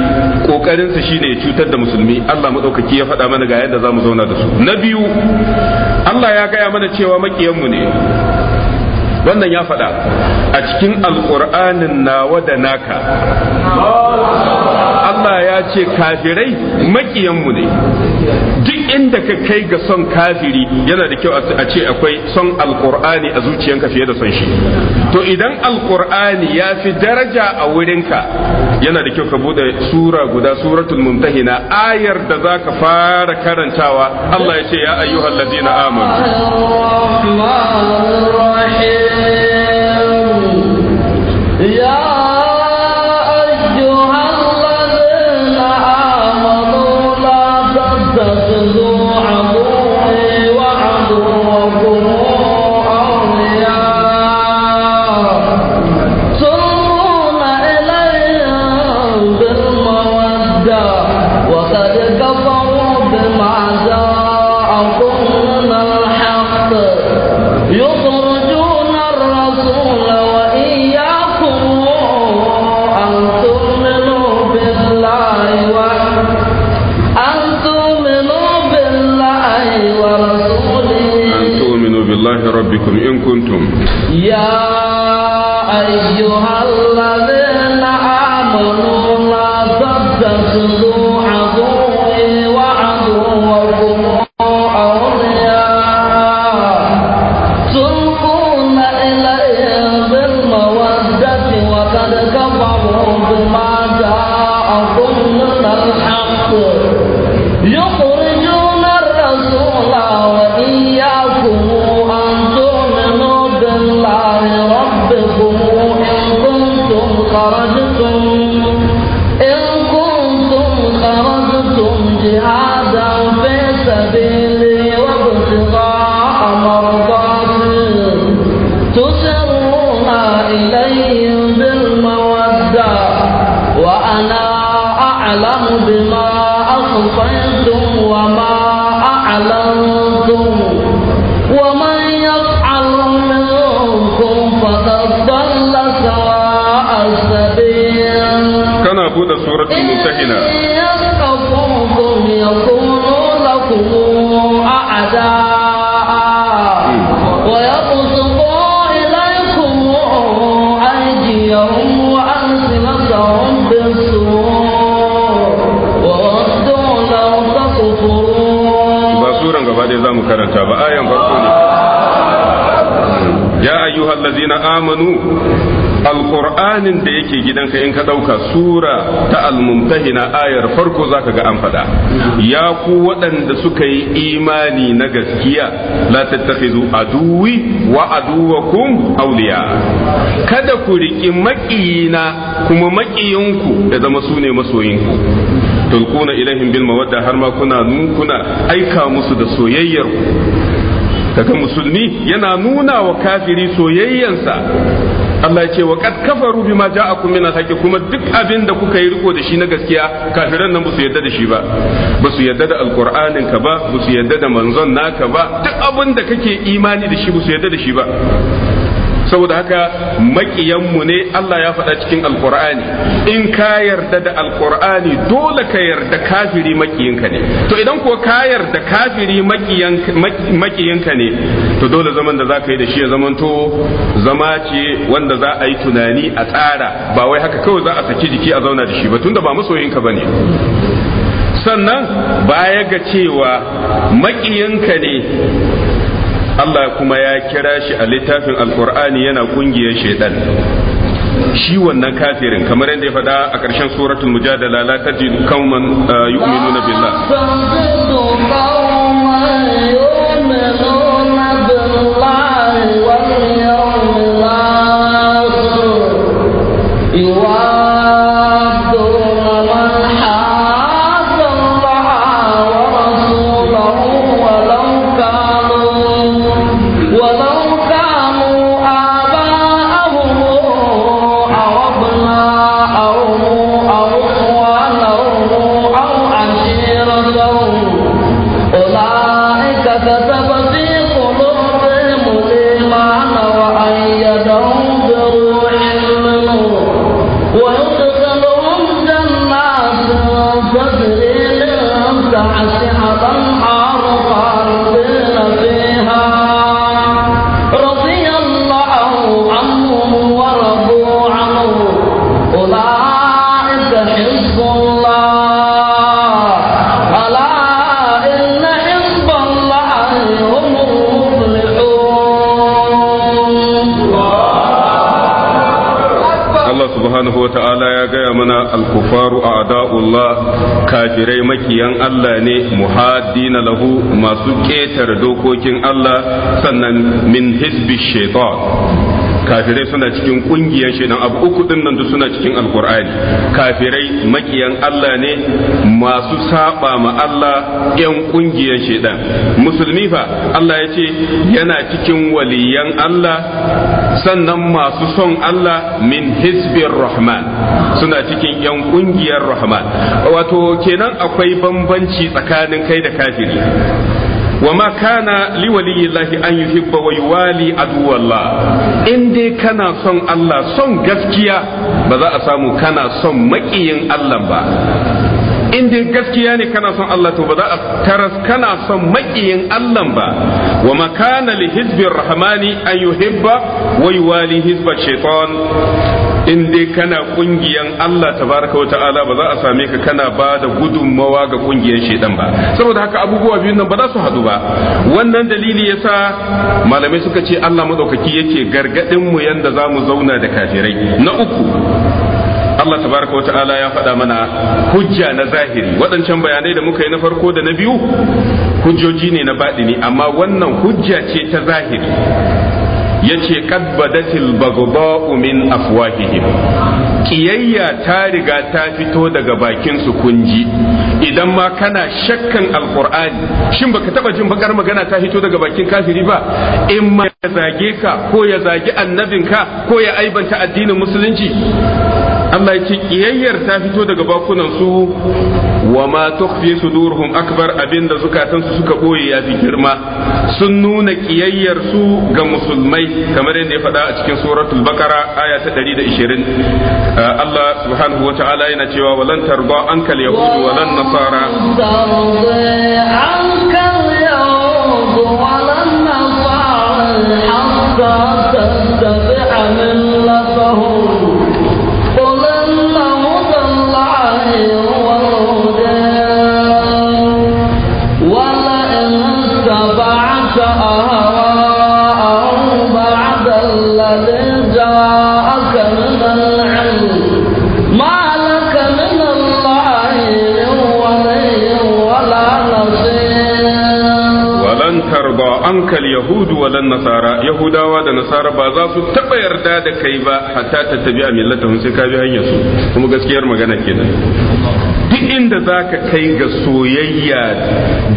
kokarinsa shine ya cutar da musulmi Allah madaukaki ya faɗa mana ga yadda za mu zauna da su na biyu Allah ya gaya mana cewa makiyanmu ne wannan ya faɗa a cikin alƙur'anin nawa da naka Allah ya ce kafirai mu ne duk inda ka kai ga son kafiri yana da kyau a ce akwai son alkur'ani a zuciyanka fiye da son shi to idan alkur'ani ya fi daraja a wurinka yana da kyau ka bude sura guda suratul mumtahina ayar da za ka fara karantawa Allah ya ce ya ayyuhal ladina amanu ayyuhal amanu alqur'anin da yake gidanka in ka ɗauka sura ta almumtahina ayar farko zaka ga an fada ya ku waɗanda suka yi imani na gaskiya la tattakhizu aduwi wa aduwakum awliya kada ku riƙi maƙiyina kuma maƙiyinku da zama sune masoyinku tulquna ilaihim bil mawadda har ma kuna kuna aika musu da soyayyar kaga musulmi yana nuna wa kafiri soyayyansa Allah ya ce wa kad kafaru bima ja'akum min al-haqq kuma duk abin da kuka yi riko da shi na gaskiya kafiran nan basu yadda da shi ba su yadda da alqur'anin ka ba su yadda da manzon naka ba duk abin da kake imani da shi basu yadda da shi ba saboda haka makiyanmu ne Allah ya faɗa cikin alkur'ani in ka yarda da alkur'ani dole ka yarda kafiri makiyinka ne to idan ko ka yarda kafiri makiyinka ne to dole zaman da za ka yi da shi ya zamanto zama ce wanda za a yi tunani a tsara ba wai haka kawai za a saki jiki a zauna da shi ba tunda ba masoyinka ba ne sannan baya ga cewa makiyinka ne Allah kuma ya kira shi a littafin alkur'ani yana kungiyar shaidan shi wannan kafirin kamar yadda ya faɗa a ƙarshen suratul mujadala la tajidu qauman uh, yu'minuna billah kafirai makiyan Allah ne muhaddina lahu masu ƙetare dokokin Allah sannan min hizbi shaitan kafirai suna cikin kungiyar nan abu uku din nan duk suna cikin alkur'ani kafirai makiyan Allah ne masu saba ma Allah yan kungiyar dan musulmi fa Allah ya ce yana cikin waliyan Allah sannan masu son Allah min hisbir rahman suna cikin yan kungiyar rahman wato kenan akwai bambanci tsakanin kai da kafiri wa ma kana li waliyillahi an yuhibba wa yuwali aduwallah in dai kana son Allah son gaskiya ba za a samu kana son makiyin Allah ba in gaskiya ne kana son Allah to ba za a taras kana son makiyin Allah ba wa makana li hizbir rahmani an yuhibba wa yuwali hizba shaitan in dai kana kungiyan Allah tabaraka wata'ala ba za a same ka kana ba da gudunmawa ga kungiyan shedan ba saboda haka abubuwa biyun nan ba za su hadu ba wannan dalili yasa malamai suka ce Allah madaukaki yake gargadin mu yanda za mu zauna da kafirai na uku Allah tabaraka wata'ala ya faɗa mana hujja na zahiri waɗancan bayanai da muka yi na farko da na biyu hujjoji ne na baɗi ne amma wannan hujja ce ta zahiri yace qad badatil baghdha'u min afwahihim kiyayya ta riga ta fito daga bakin su kunji idan ma kana shakkan alkur'ani shin baka taba jin bakar magana ta fito daga bakin kafiri ba in ma ya zage ka ko ya zagi annabinka ko ya aibanta addinin musulunci Allah ya ce kiyayyar ta fito daga bakunan su wa ma tukhfi sudurhum akbar abinda zukatan su suka boye ya fi girma sun nuna ƙiyayyar su ga musulmai kamar yadda ya faɗa a cikin suratul bakara aya ta 120 uh, Allah subhanahu wa ta'ala yana cewa walan tarda ankal yahud walan nasara ankal yahud nasara ankal yahudu wa lan nasara yahudawa da nasara ba za su taba yarda da kai ba hatta ta tabi a millata sai ka bi hanyar su kuma gaskiyar magana kenan duk inda zaka kai ga soyayya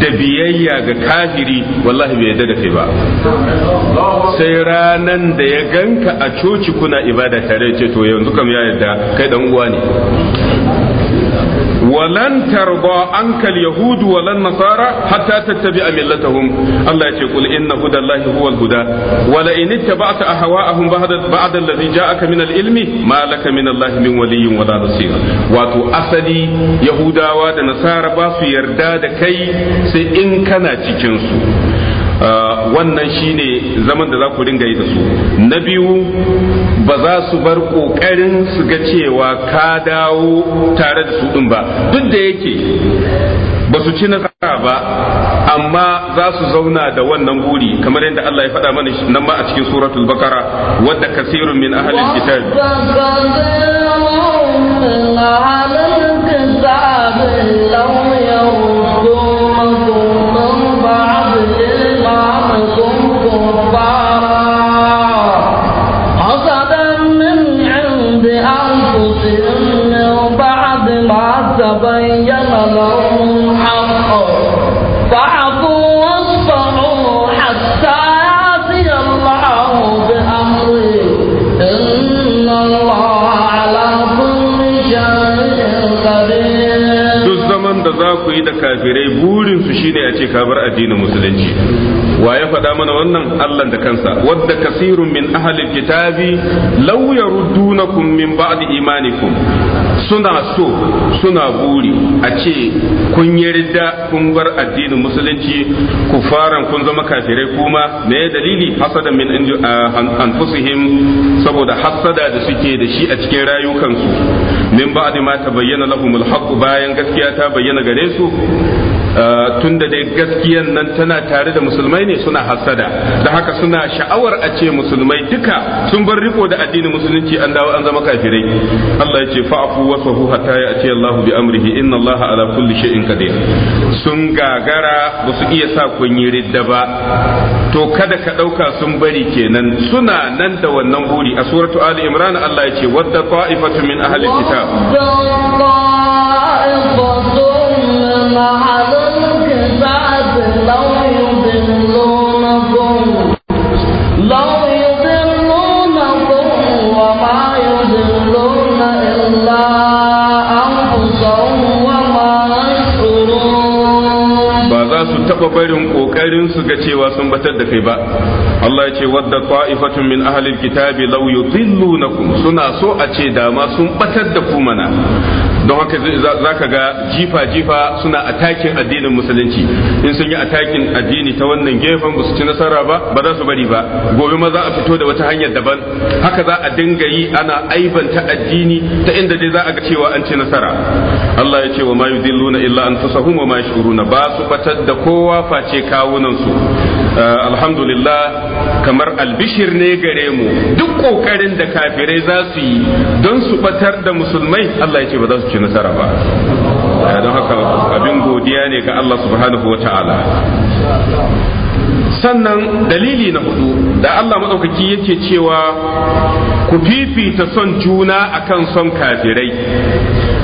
da biyayya ga kafiri wallahi bai yarda da kai ba sai ranan da ya ganka a coci kuna ibada tare ce to yanzu kam ya yarda kai dan uwa ne walan tarba ankal yahudu walan nasara hatta tattabi'a millatahum Allah ya ce kul inna hudallahi huwal huda wala in ittaba'ta ahwa'ahum ba'da ba'da alladhi ja'aka min al-ilmi ma laka min Allah min waliyyin wala nasir wato asali yahudawa da nasara ba su yarda da kai sai in kana cikin su wannan shine zaman da za ku dinga yi da su na biyu ba za su bar kokarin su ga cewa ka dawo tare da su din ba duk da yake ba su ci nasara ba amma za su zauna da wannan guri kamar yadda Allah ya faɗa mana nan ma a cikin suratul bakara wadda kasirun min ahalin kitab Allah تبين لهم الحق فعفوا واصفحوا حتى يأتي الله بأمره إن الله على كل شيء قدير. duk zaman da za ku yi da kafirai su shine a ce ka bar addinin musulunci wa ya faɗa mana wannan Allah da kansa wadda kasirun min ahlil kitabi law yaruddunakum min ba'di imanikum suna so suna buri a ce kun yarda kun bar addinin musulunci faran kun zama kafirai kuma me dalili hasada min anfusihim saboda hasada da suke da shi a cikin rayukansu min ba'di ma tabayyana lahumul haqq bayan gaskiya ta bayyana gare su Eh, tunda dai gaskiyan nan tana tare da musulmai ne suna hasada da haka suna sha'awar a ce musulmai duka sun bar riko da addinin musulunci an dawo an zama kafirai Allah ya ce fa'fu wasfahu hatta ya'ti Allah bi amrihi inna Allah ala kulli shay'in qadir sun gagara ba su iya sa kun yi ridda ba to kada ka dauka sun bari kenan suna nan da wannan buri a suratu ali imran Allah ya ce wadda qa'ifatu min ahli kitab taɓa barin ƙoƙarin su ga cewa sun batar da kai ba Allah ya ce wadda ta'ifatun min ahlil kitabi law yudhillunakum suna so a ce da ma sun batar da ku mana don haka zaka ga jifa jifa suna takin addinin musulunci in sun yi attacking addini ta wannan gefen ba su ci nasara ba ba za su bari ba gobe ma za a fito da wata hanyar daban haka za a dinga yi ana aibanta addini ta inda dai za a ga cewa an ci nasara Allah ya ce wa ma yudilluna illa an anfusahum wa ma yashuruna ba su batar da kowa face kawunan su uh, alhamdulillah kamar albishir ne gare mu duk kokarin da kafirai za su yi don su batar da musulmai Allah ya ce ba za su ci nasara ba don haka abin godiya ne ga Allah subhanahu wa ta'ala sannan dalili na hudu da Allah maɗaukaki yake cewa ku fifita son juna akan son kafirai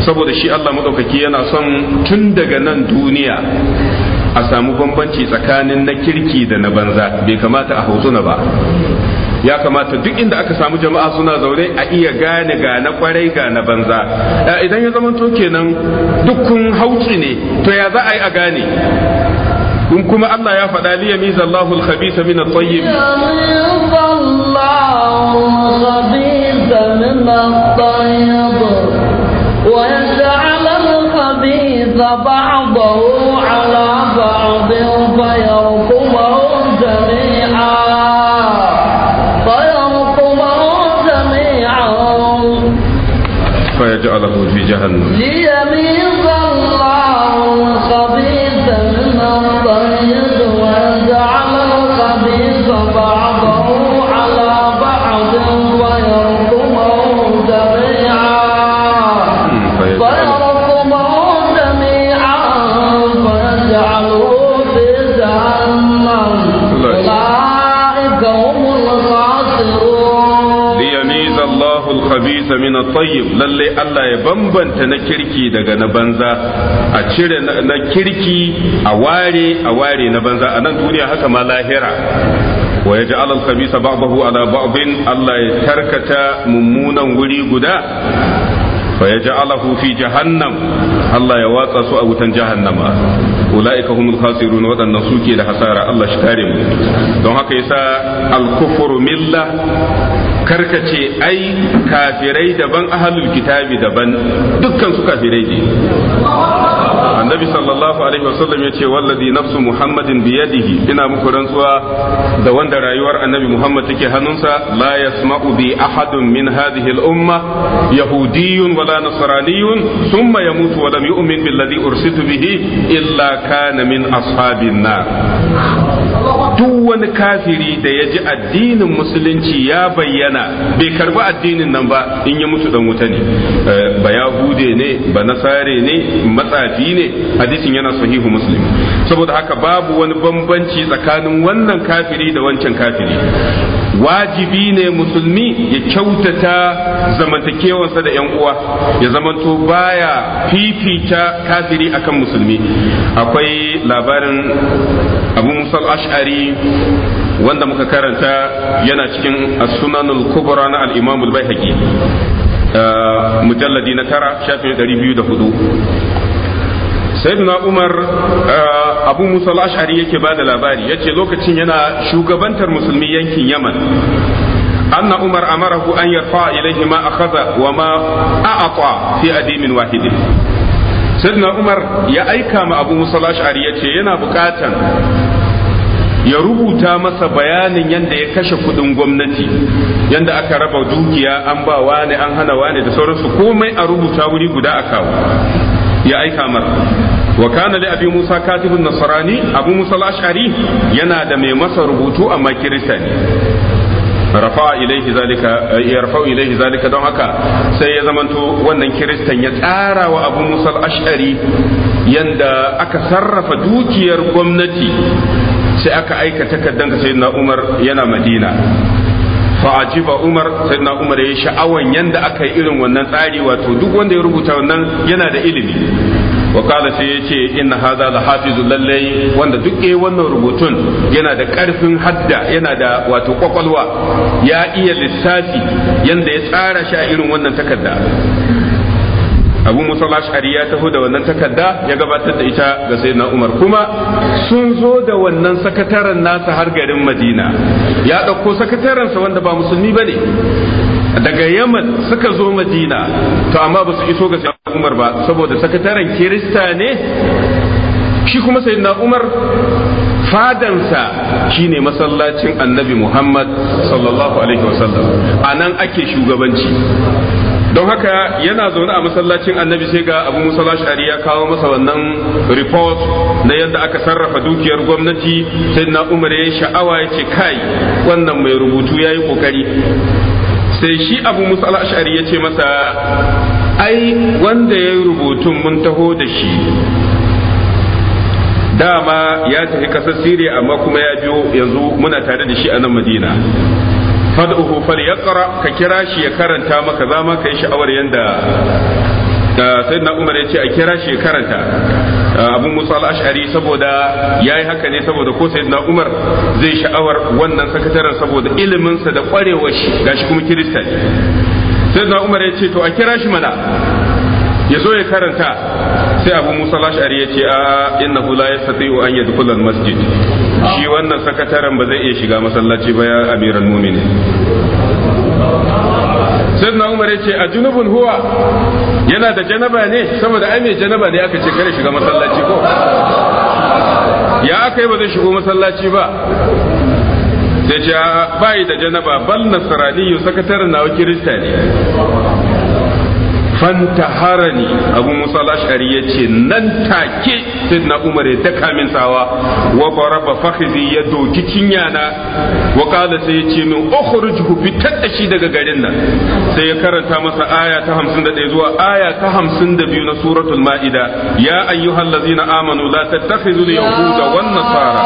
saboda shi Allah maɗaukaki yana son tun daga nan duniya a samu bambanci tsakanin na kirki da na banza bai kamata a hauzuna ba ya kamata duk inda aka samu jama'a suna zaune a iya gane ga na kwarai ga na banza idan ya zama to kenan dukkan hauci ne to ya za a yi a gane in kuma Allah ya faɗa liya miza Allahu al khabisa min at-tayyib ويجعل الخبيث بعضه على بعض فيركمه جميعا فيركمه جميعا فيجعله في جهنم tayyib lallai Allah ya bambanta na kirki daga na banza a cire na kirki a ware a ware na banza a nan duniya haka ma lahira wa ya ji alal khabisa ba'dahu ala ba'din Allah ya tarkata mummunan wuri guda fa ya ja'alahu fi jahannam Allah ya watsa su a wutan jahannama ulaika humul khasirun wadannan suke da hasara Allah shi kare mu don haka yasa al-kufru milla karkace ai kafirai daban ahalul kitabi daban dukkan su kafirai ne annabi sallallahu alaihi wasallam ya ce wallazi nafsu muhammadin biyadihi ina muku rantsuwa da wanda rayuwar annabi muhammad take hannunsa la yasma'u bi ahadun min hadhihi al-umma yahudiyyun wala nasraniyyun thumma yamutu wa lam yu'min billadhi ursitu bihi illa kana min ashabin nar duk wani kafiri da ya ji addinin musulunci ya bayyana bai karbi addinin nan ba in ya mutu dan wuta ne eh, ba yahude ne ba nasare ne matsafi ne hadisin yana sahihu muslim saboda haka babu wani bambanci tsakanin wannan kafiri da wancan kafiri wajibi ne musulmi ya kyautata zamantakewansa da yan uwa ya zamanto baya fifita kafiri akan musulmi akwai labarin abu musal ash'ari wanda muka karanta yana cikin as-sunanul kubra na al-imam al-baihaqi uh, mujalladi na tara shafi 204 sayyidina umar eh, abu musa al-ash'ari yake bada labari yace lokacin yana shugabantar musulmi yankin yaman أن عمر أمره ma يرفع إليه ما أخذ وما أعطى في أديم Umar ya aika ma abu Musa al موسى الأشعري yana bukatan ya rubuta masa bayanin yadda ya kashe kudin gwamnati yadda aka raba dukiya an ba wani an hana wani da sauransu komai a rubuta wuri guda a kawo ya aika mar wa kana li abi musa katibun nasrani abu musa al-ash'ari yana da mai masa rubutu amma kirista ne rafa ilaihi zalika eh, ilaihi zalika don haka sai ya zamanto wannan kiristan ya tsara wa abu musa al-ash'ari yanda aka sarrafa dukiyar gwamnati sai aka aika takardar sayyidina umar yana madina fa ajiba umar na umar ya sha'awan yanda aka yi irin wannan tsari wato duk wanda ya rubuta wannan yana da ilimi wa kala sai ya ce inna hadha la hafizu lallai wanda duk wannan rubutun yana da karfin hadda yana da wato kwakwalwa ya iya lissafi yanda ya tsara shi a irin wannan takarda abu musa ash'ari ya taho da wannan takarda ya gabatar da ita ga sayyidina umar kuma sun zo da wannan sakataren nasa har garin madina ya ɗauko sakatarensa wanda ba musulmi ba ne daga yaman suka zo madina to amma ba su iso ga sayyidina umar ba saboda sakataren kirista ne shi kuma sayyidina umar fadansa shine masallacin annabi muhammad sallallahu alaihi wasallam a nan ake shugabanci don haka yana zaune a masallacin annabi sai ga abu musa lashari ya kawo masa wannan report na yadda aka sarrafa dukiyar gwamnati sai na umar ya sha'awa ya ce kai wannan mai rubutu ya yi kokari sai shi abu musa lashari ya ce masa ai wanda ya yi rubutun mun taho da shi dama ya tafi kasar siriya amma kuma ya biyo yanzu muna tare da shi a nan madina fad'uhu falyaqra ka kira shi ya karanta maka zama ka yi sha'awar yanda da sayyidina Umar ya ce a kira shi ya karanta Abu Musa al-Ash'ari saboda yayi haka ne saboda ko sayyidina Umar zai sha'awar wannan sakataren saboda ilimin sa da kwarewar shi gashi kuma kirista ne sayyidina Umar ya ce to a kira shi mana ya zo ya karanta sai abu musa lashari ya ce a ya sati wa an yi dukulan masjid shi wannan sakataren ba zai iya shiga masallaci ba ya amiran mumini na umar ya ce a junubun huwa yana da janaba ne saboda ai mai janaba ne aka ce kare shiga masallaci ko ya aka yi ba zai shigo masallaci ba sai ce bayi da janaba bal nasarani yi sakataren na wakilista ne fantaharani abu musa lashari ya ce nan take sidna umar ya daka min sawa wa baraba fakhizi ya doki cinya na wa kala sai ya ce min ukhrijhu fitar da shi daga garin nan sai ya karanta masa aya ta 51 zuwa aya ta 52 na suratul maida ya na amanu la tattakhidhu yahu da wannan nasara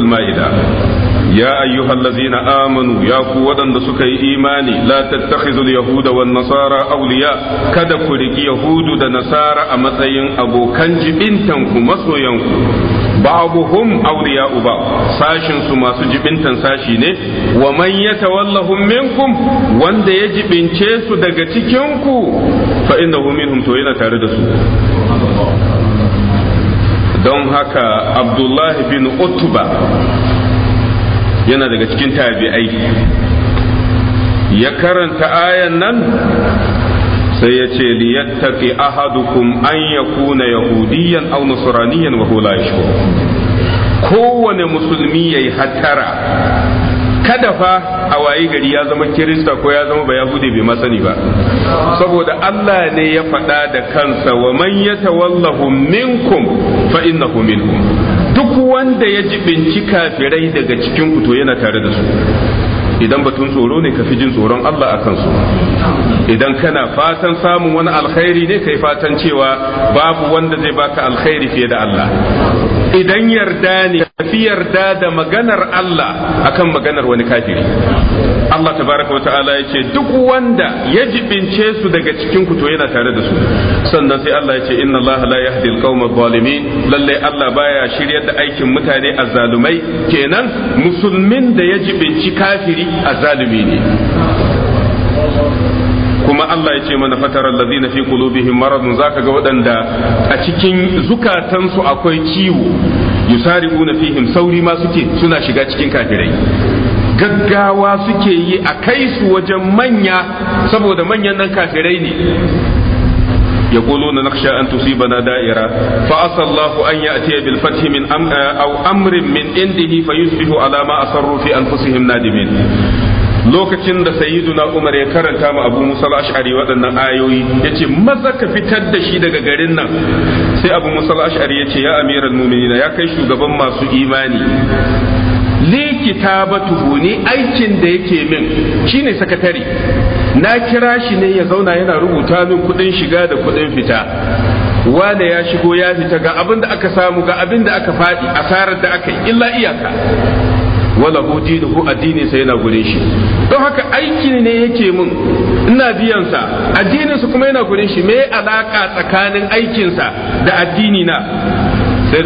ma'ida ya ayyuhal ladzina amanu ya ku waɗanda suka yi imani la tattakhidhul yahuda nasara awliya kada ku riki yahudu da nasara a matsayin abokan jibintan ku masoyan ku ba'dhum uba sashin su masu jibintan sashi ne wa man yatawallahum minkum wanda ya jibince su daga cikin ku fa innahu to yana tare da su don haka abdullahi bin utuba yana daga cikin tabi'ai ya karanta ayan nan sai ya ce liyattaqi ahadukum an ya kuna yahudiyan aw nasraniyan wa kowane musulmi yayi hattara. kada fa a wayi gari ya zama kirista ko ya zama ba yahudi bai masani ba saboda Allah ne ya faɗa da kansa wa man yatawallahu minkum fa innahu minhum duk wanda ya jibinci kafirai daga cikin ku to yana tare da su idan batun tsoro ne ka fi jin tsoron Allah a kansu idan kana fatan samun wani alkhairi ne kai fatan cewa babu wanda zai baka alkhairi fiye da Allah idan yarda ne tafi yarda da maganar Allah akan maganar wani kafiri Allah tabaraka wata'ala ya ce duk wanda ya jibince su daga cikin ku to yana tare da su sannan sai Allah ya ce inna Allah la yahdi al zalimin lalle Allah baya shiryar da aikin mutane azzalumai kenan musulmin da ya jibinci kafiri azzalumi ne kuma Allah ya ce mana fatarar lazina fi qulubihim maradun zaka ga waɗanda a cikin zukatansu akwai ciwo yusari'una fihim sauri ma suke suna shiga cikin kafirai gaggawa suke yi a kai su wajen manya saboda manyan nan kafirai ne يقولون نخشى أن تصيبنا دائرة فأسى الله أن يأتي بالفتح من أم أو أمر من عنده فيصبح على ما أصروا في أنفسهم نادمين lokacin da sayyiduna umar ya karanta ma abu musa ash'ari waɗannan ayoyi yace maza ka fitar da shi daga garin nan sai abu musa ash'ari yace ya amiral mu'minina ya kai shugaban masu imani li kitabatu ne aikin da yake min shine sakatare na kira shi ne ya zauna yana rubuta min kuɗin shiga da kuɗin fita wane ya shigo ya fita ga abin da aka samu ga abin da aka faɗi asarar da aka yi illa iyaka wala hu dinuhu addini sai yana gurin shi don haka aiki ne yake mun ina biyan sa addinin sa kuma yana gurin shi me alaka tsakanin aikin sa da addini na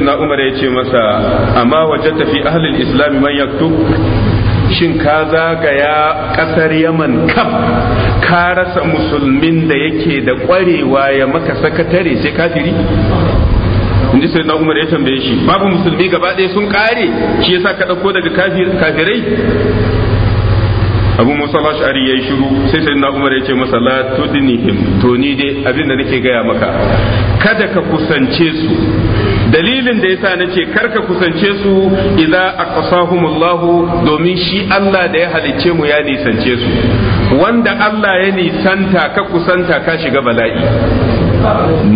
na umar ya ce masa amma wajen tafi ahlul islam man yaktub shin ka zagaya kasar yaman kam ka rasa musulmin da yake da kwarewa ya maka sakatare sai kafiri in ji sayyidina umar ya tambaye shi babu musulmi gaba ɗaya sun kare shi yasa ka ɗauko daga kafirai abu musa ash'ari yayi shiru sai sai na umar ce masa la tudnihim to ni dai abin da nake gaya maka kada ka kusance su dalilin da yasa nace kar ka kusance su idza aqsahumullah domin shi Allah da ya halicce mu ya nisance su wanda Allah ya nisanta ka kusanta ka shiga bala'i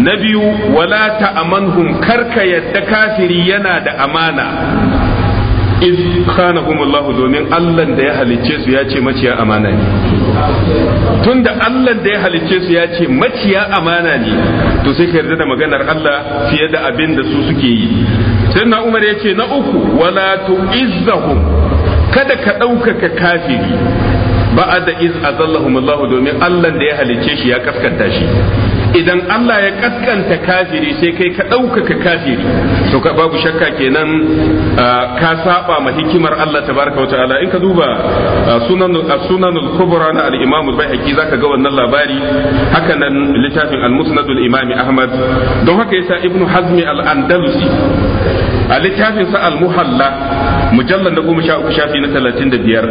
na biyu wala ta'amanhum karka yadda kafiri yana da amana iz khanahumullahu domin Allah da ya halicce su ya ce maciya amana ne tunda Allah da ya halicce su ya ce maciya amana ne to sai ka yarda da maganar Allah fiye da abin da su suke yi sai na Umar ya ce na uku wala tu'izzahum kada ka ɗaukaka kafiri ba'a da iz azallahumullahu domin Allah da ya halicce shi ya kaskanta shi idan Allah ya kaskanta kafiri sai kai ka ɗaukaka kafiri to ka babu shakka kenan ka saba ma hikimar Allah tabaraka wata'ala in ka duba sunanul sunan kubra na al-Imam al-Baihaqi zaka ga wannan labari haka nan littafin al-Musnad al-Imam Ahmad don haka yasa Ibn Hazm al-Andalusi a littafin sa al-Muhalla mujallal da goma sha uku shafi na talatin da biyar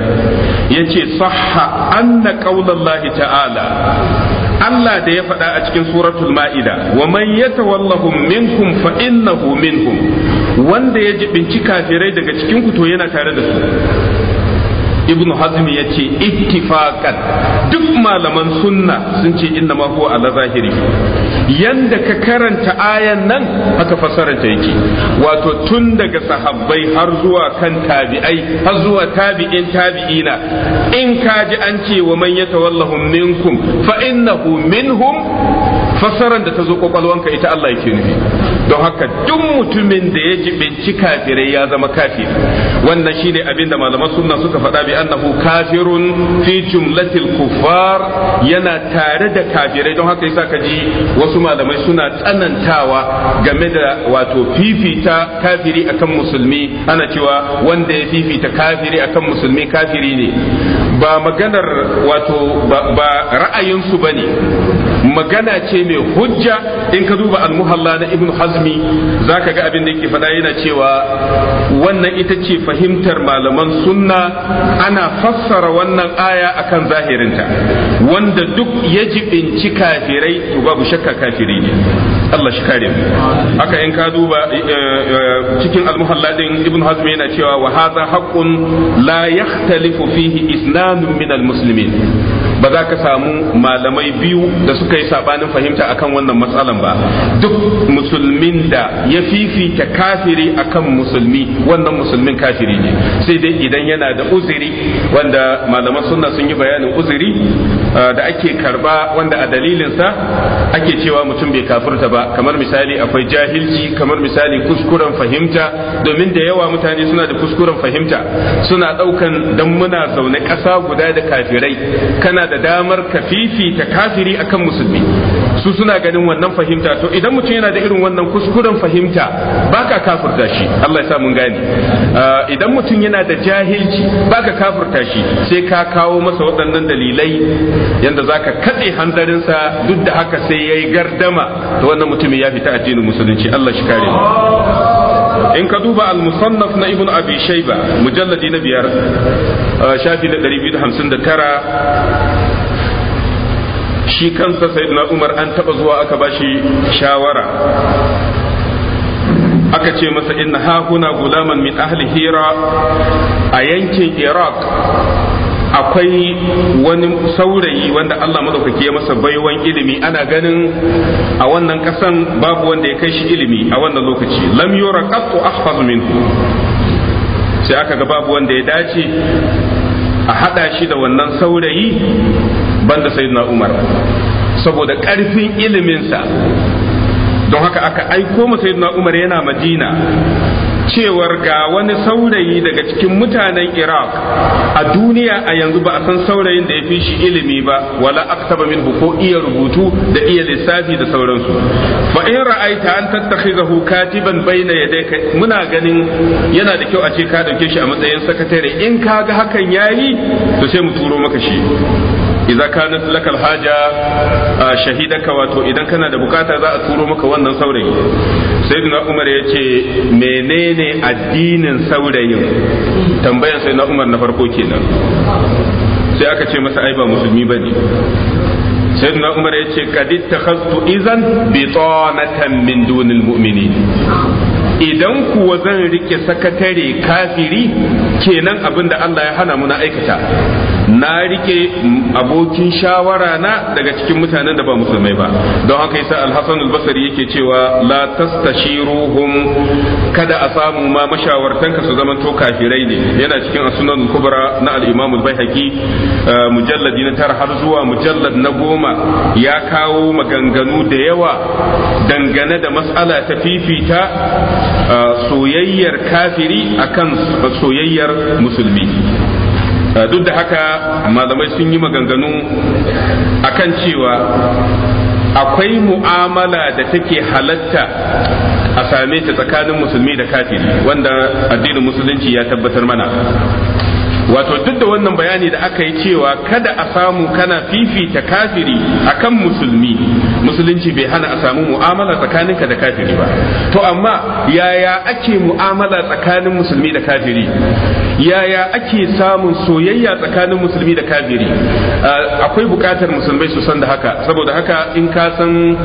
ya ce sahha anna qaulallahi ta'ala Allah da ya faɗa a cikin suratul ma'ida wa man yatawallahum minkum fa innahu minhum wanda ya jibinci kafirai daga cikin ku to yana tare da su ibnu hazm ya ce ittifaqan duk malaman sunna sun ce inna ma huwa ala zahiri yanda ka karanta ayan nan haka ta yake wato tun daga sahabbai har zuwa kan tabi'ai har zuwa tabi'in tabi'ina in ka ji an ce wa man yatawallahum minkum fa innahu minhum fassarar da ta zo kwakwalwanka ita Allah yake nufi don haka duk mutumin da ya jibinci kafirai ya zama kafir wannan shine abinda malaman sunna suka faɗa bi annahu kafirun fi jumlatil kuffar yana tare da kafirai don haka yasa ji wasu malamai suna tsanantawa game da wato fifita kafiri akan musulmi ana cewa wanda ya fifita kafiri akan musulmi kafiri ne ba maganar wato ba ra'ayinsu ba ne magana ce mai hujja in ka duba almuhalla na ibn hazmi za ka ga abin da yake faɗa yana cewa wannan ita ce fahimtar malaman sunna ana fassara wannan aya akan zahirinta wanda duk ya bincika kafirai to babu shakka kafiri ne Allah shi kare aka haka in ka duba eh, eh, cikin almuhalladin ibn hazm yana cewa wa hadha haqqun la yakhtalifu fihi isnanun min almuslimin ba za ka samu malamai biyu da suka yi sabanin fahimta akan wannan matsalan ba duk musulmin da ya fifita kafiri akan musulmi wannan musulmin kafiri ne sai dai idan yana da uzuri wanda malaman sunna sun yi bayanin uzuri eh, da ake karba wanda a dalilinsa ake cewa mutum bai kafirta ba ba kamar misali akwai jahilci kamar misali kuskuren fahimta domin da yawa mutane suna da kuskuren fahimta suna daukan dan muna zaune ƙasa guda da kafirai kana da damar ka fifita kafiri akan musulmi su suna ganin wannan fahimta to idan mutum yana da irin wannan kuskuren fahimta baka kafurta shi Allah ya sa mun gane ah, idan mutum yana da jahilci baka kafurta shi sai ka kawo masa waɗannan dalilai yanda zaka katse hanzarin sa duk da haka sai yayi gardama to wannan mutumin ya fita addinin musulunci Allah shi kare in ka duba al-musannaf na ibn abi shayba mujalladi na biyar ah, shafi na 259 shi kansa na umar an taba zuwa aka ba shi shawara aka ce masa inna hahuna gulaman min ahli hira a yankin iraq akwai wani saurayi wanda Allah madaukaki ya masa baiwan ilimi ana ganin a wannan kasan babu wanda ya kai shi ilimi a wannan lokaci lam yura qattu ahfaz minhu sai aka ga babu wanda ya dace a hada shi da wannan saurayi banda sayyidina umar saboda ƙarfin iliminsa don haka aka aiko mu sayyidina umar yana madina cewar ga wani saurayi daga cikin mutanen iraq a duniya a yanzu ba a san saurayin da ya fi shi ilimi ba wala aktaba min ko iya rubutu da iya lissafi da sauransu fa in ra'aita an tattakhizahu katiban baina yadayka muna ganin yana da kyau a ce ka dauke shi a matsayin sakatare in kaga hakan yayi to sai mu turo maka shi idza kanat lakal haja shahidaka wato idan kana da bukata za a turo maka wannan saurayi sayyidina umar ya ce menene addinin saurayin tambayar sayyidina umar na farko kenan sai aka ce masa ai ba musulmi bane sayyidina umar ya ce qad ittakhadtu idan bitanatan min dunil mu'minin idan kuwa zan rike sakatare kafiri kenan abin da Allah ya hana mu na aikata na rike abokin shawara na daga cikin mutanen da ba musulmai ba don haka yasa al-hasan al-basri yake cewa la tastashiruhum kada a samu ma ka su zaman to kafirai ne yana cikin as-sunan kubra na al-imam al-baihaqi uh, mujalladi na tara har zuwa mujallad na goma ya kawo maganganu da yawa dangane da matsala ta fifita uh, soyayyar kafiri akan soyayyar musulmi Uh, duk da haka malamai sun yi maganganu akan cewa akwai mu'amala da take halatta a same ta tsakanin musulmi da kafiri wanda addinin musulunci ya tabbatar mana wato duk da wannan bayani da aka yi cewa kada a samu kana fifita kafiri akan musulmi musulunci bai hana a samu mu'amala tsakaninka da kafiri ba to amma yaya ake mu'amala tsakanin musulmi da kafiri yaya ake samun soyayya tsakanin musulmi da kafiri ah, akwai bukatar musulmai su san da haka saboda haka in ka san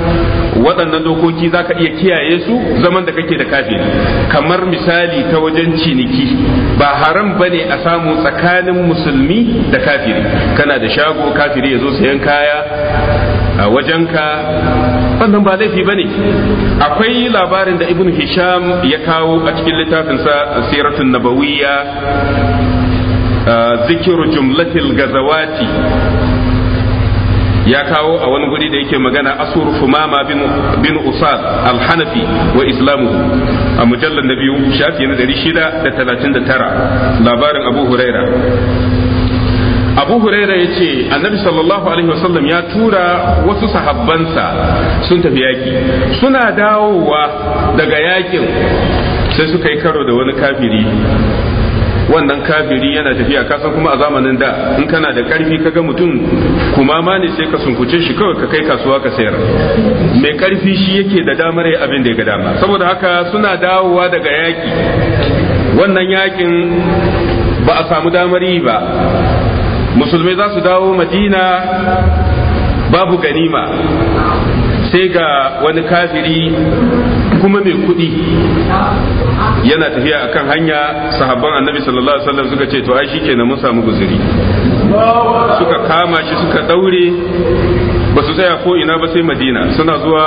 waɗannan dokoki za ka iya kiyaye su zaman da kake da kafiri kamar misali ta wajen ciniki ba haram bane a samu tsakanin tsakanin musulmi da kafiri kana da shago kafiri ya zo sayan kaya a wajenka wannan ba laifi ba ne akwai labarin da ibn hisham ya kawo a cikin littafinsa siratun nabawiyya zikiru jumlatil gazawati ya kawo a wani guri da yake magana asur fumama bin usad alhanafi hanafi wa islamu a mujallar na biyu shafi na 639 labarin abu huraira abu huraira ya ce annabi sallallahu alaihi wasallam ya tura wasu sahabbansa sun tafi yaki suna dawowa daga yakin sai suka yi karo da wani kafiri wannan kafiri yana tafiya kasan kuma a zamanin da in kana da karfi kaga mutum kuma ma ne sai ka sunkuce shi kawai ka kai kasuwa ka sayar mai karfi shi yake da damar ya abin da ya ga dama saboda haka suna dawowa daga yaki wannan yaƙin ba a samu damar yi ba musulmai za su dawo madina babu ganima sai ga wani kafiri kuma mai kuɗi yana tafiya a kan hanya sahabban annabi sallallahu alaihi wasallam suka ce to ai shi na mun samu guzuri suka kama shi suka daure ba su tsaya ko ina ba sai madina suna zuwa